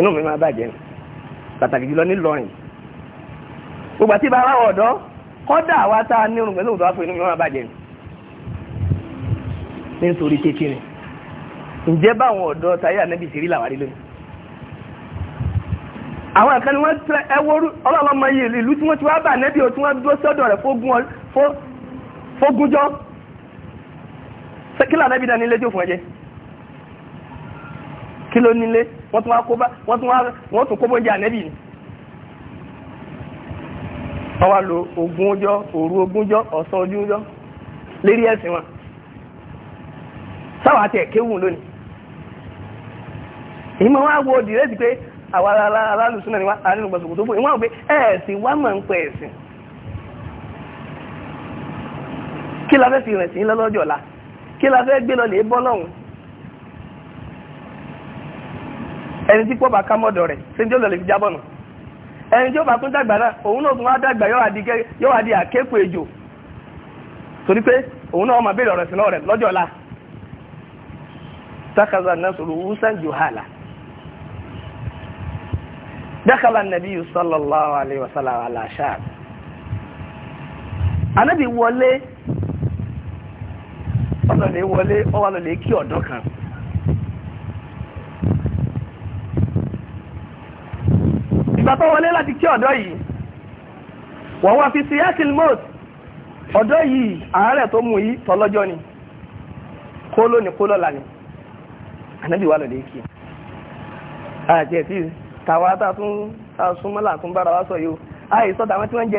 inú mi máa bàjẹ́ ni pàtàkì jùlọ nílọrin gbogbo àti bá aráwọ̀ ọ̀dọ́ kọ́dà wa tá a nírun pẹ̀lú òdòwà fún inú mi máa bàjẹ́ ni nítorí kékeré ǹjẹ́ báwọn ọ̀dọ́ táyé ànẹ́bì sí rí làwárí lónìí àwọn ẹ̀kan ni wọ́n tẹ ẹwọ́rú ọlọ́lọ́mọ yìí ìlú tí wọ́n ti wá bà nẹ́bì ò tí wọ́n dúró sọ́dọ̀ rẹ̀ fógúnjọ́ kí lànà ibi dá tí ó fún ẹjẹ́ kí ló nílé wọ́n tún wá kó bá wọ́n ni wọ́n wá lo ogun ọjọ́ òru ogun ọjọ́ ọ̀sán ojú ọjọ́ lérí ẹ̀sìn wọn sáwà àti ẹ̀kéwù lónìí ìmọ̀ wá wo òdì pé kí la fẹ́ fi rẹ̀ kí la fẹ́ gbé lọ lè bọ́ lọ́hùn ẹni tí pọ́ bá ká mọ́dọ̀ rẹ̀ ṣe tí ó lọ lè fi jábọ̀ nù ẹni tí ó bá tún dàgbà náà òun náà tún wá dàgbà yóò wá di àkékù ejò torí pé òun náà ọmọ béèrè ọ̀rọ̀ sínú rẹ̀ lọ́jọ́ ọ̀la takaza nasuru wusan juhala dakala nabi sallallahu alaihi wasallam ala sha'ab anabi wọlé lọ lè wọlé ó wá lọ lè kí ọ̀dọ́ kan ìgbà tó wọlé láti kí ọ̀dọ́ yìí wọ́n wá fi sí ẹ́kìl mọ́t ọ̀dọ́ yìí àárẹ̀ tó mú yí tọ́lọ́jọ́ ni kó ló ní kó lọ́la ni ànábì wà lọ lè kí àti ẹ̀tí tàwa tá tún súnmọ́là tún bára wá sọ yóò àì sọ́dà wọn tí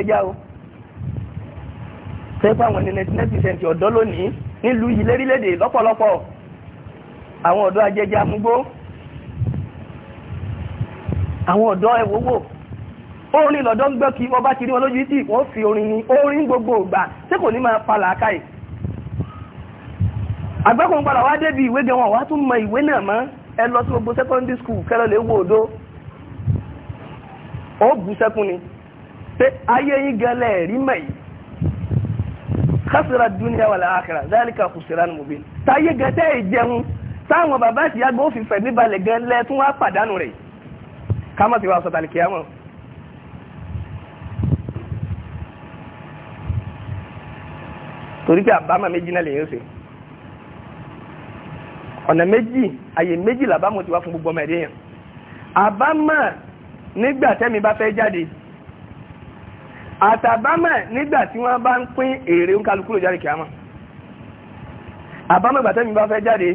99% ọ̀dọ́ lónìí nílùú yìí lérílẹ̀dè lọ́pọ̀lọpọ̀ àwọn ọ̀dọ́ ajẹjẹ amúgbó àwọn ọ̀dọ́ ẹ̀wòwò orin lọ́dọ́ ń gbọ́ kí wọ́n bá ti rí wọn lójú tí wọ́n fi orin ni orin gbogbo ìgbà tí kò ní máa palà káì àgbẹ́kùn padà wá débi ìwé gan wọn wá tún mọ ìwé náà mọ́ ẹ lọ sí gbogbo secondary school kẹlọ lè wo òdo ó bù sẹ́kùn ni pé ayé yín gan lẹ́ẹ̀rí mọ̀ yìí kásìrà dúnìá wà láàkàrà dáríkà kùsìrán mòbí táyé gẹ́tẹ́ ìjẹun táwọn bàbá àti ìyá gbófin fẹ̀mí balẹ̀ gan lẹ́tún wá pàdánù rẹ̀ kámọ̀ ti wá sọ tàlìkì àmọ́ torí pé àbámà méjì náà lèyìn ṣe ọ̀nà méjì àyè méjì làbámọ̀ ti wá fún gbogbo ọmọ ẹ̀dẹ́yàn àbámà nígbà tẹ́mi bá fẹ́ jáde àtàbámẹ̀ nígbà tí wọ́n bá ń pín èrè ń kálukú ló jáde kìámà àbámẹ̀ gbàtẹ́mi bá fẹ́ jáde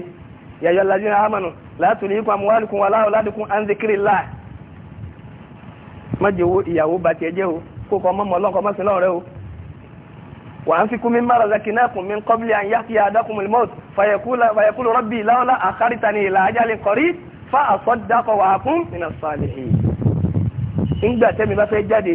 yàyọ lajínà àmànù látòlè ikú amúhálùkún wà láwọ ládùkún anzikiri láà mọ́jẹ̀wó ìyàwó bá tiẹ̀ jẹ́ o kó kọ́ mọ́mọ́ fa àsọdákọ̀ wà á kún nínú tẹ́mi bá fẹ́ jáde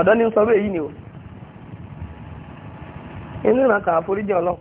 ọ̀dọ́ ní sọ bẹ́ẹ̀ yìí ni o inú ìrànkà àforíjì ọlọ́run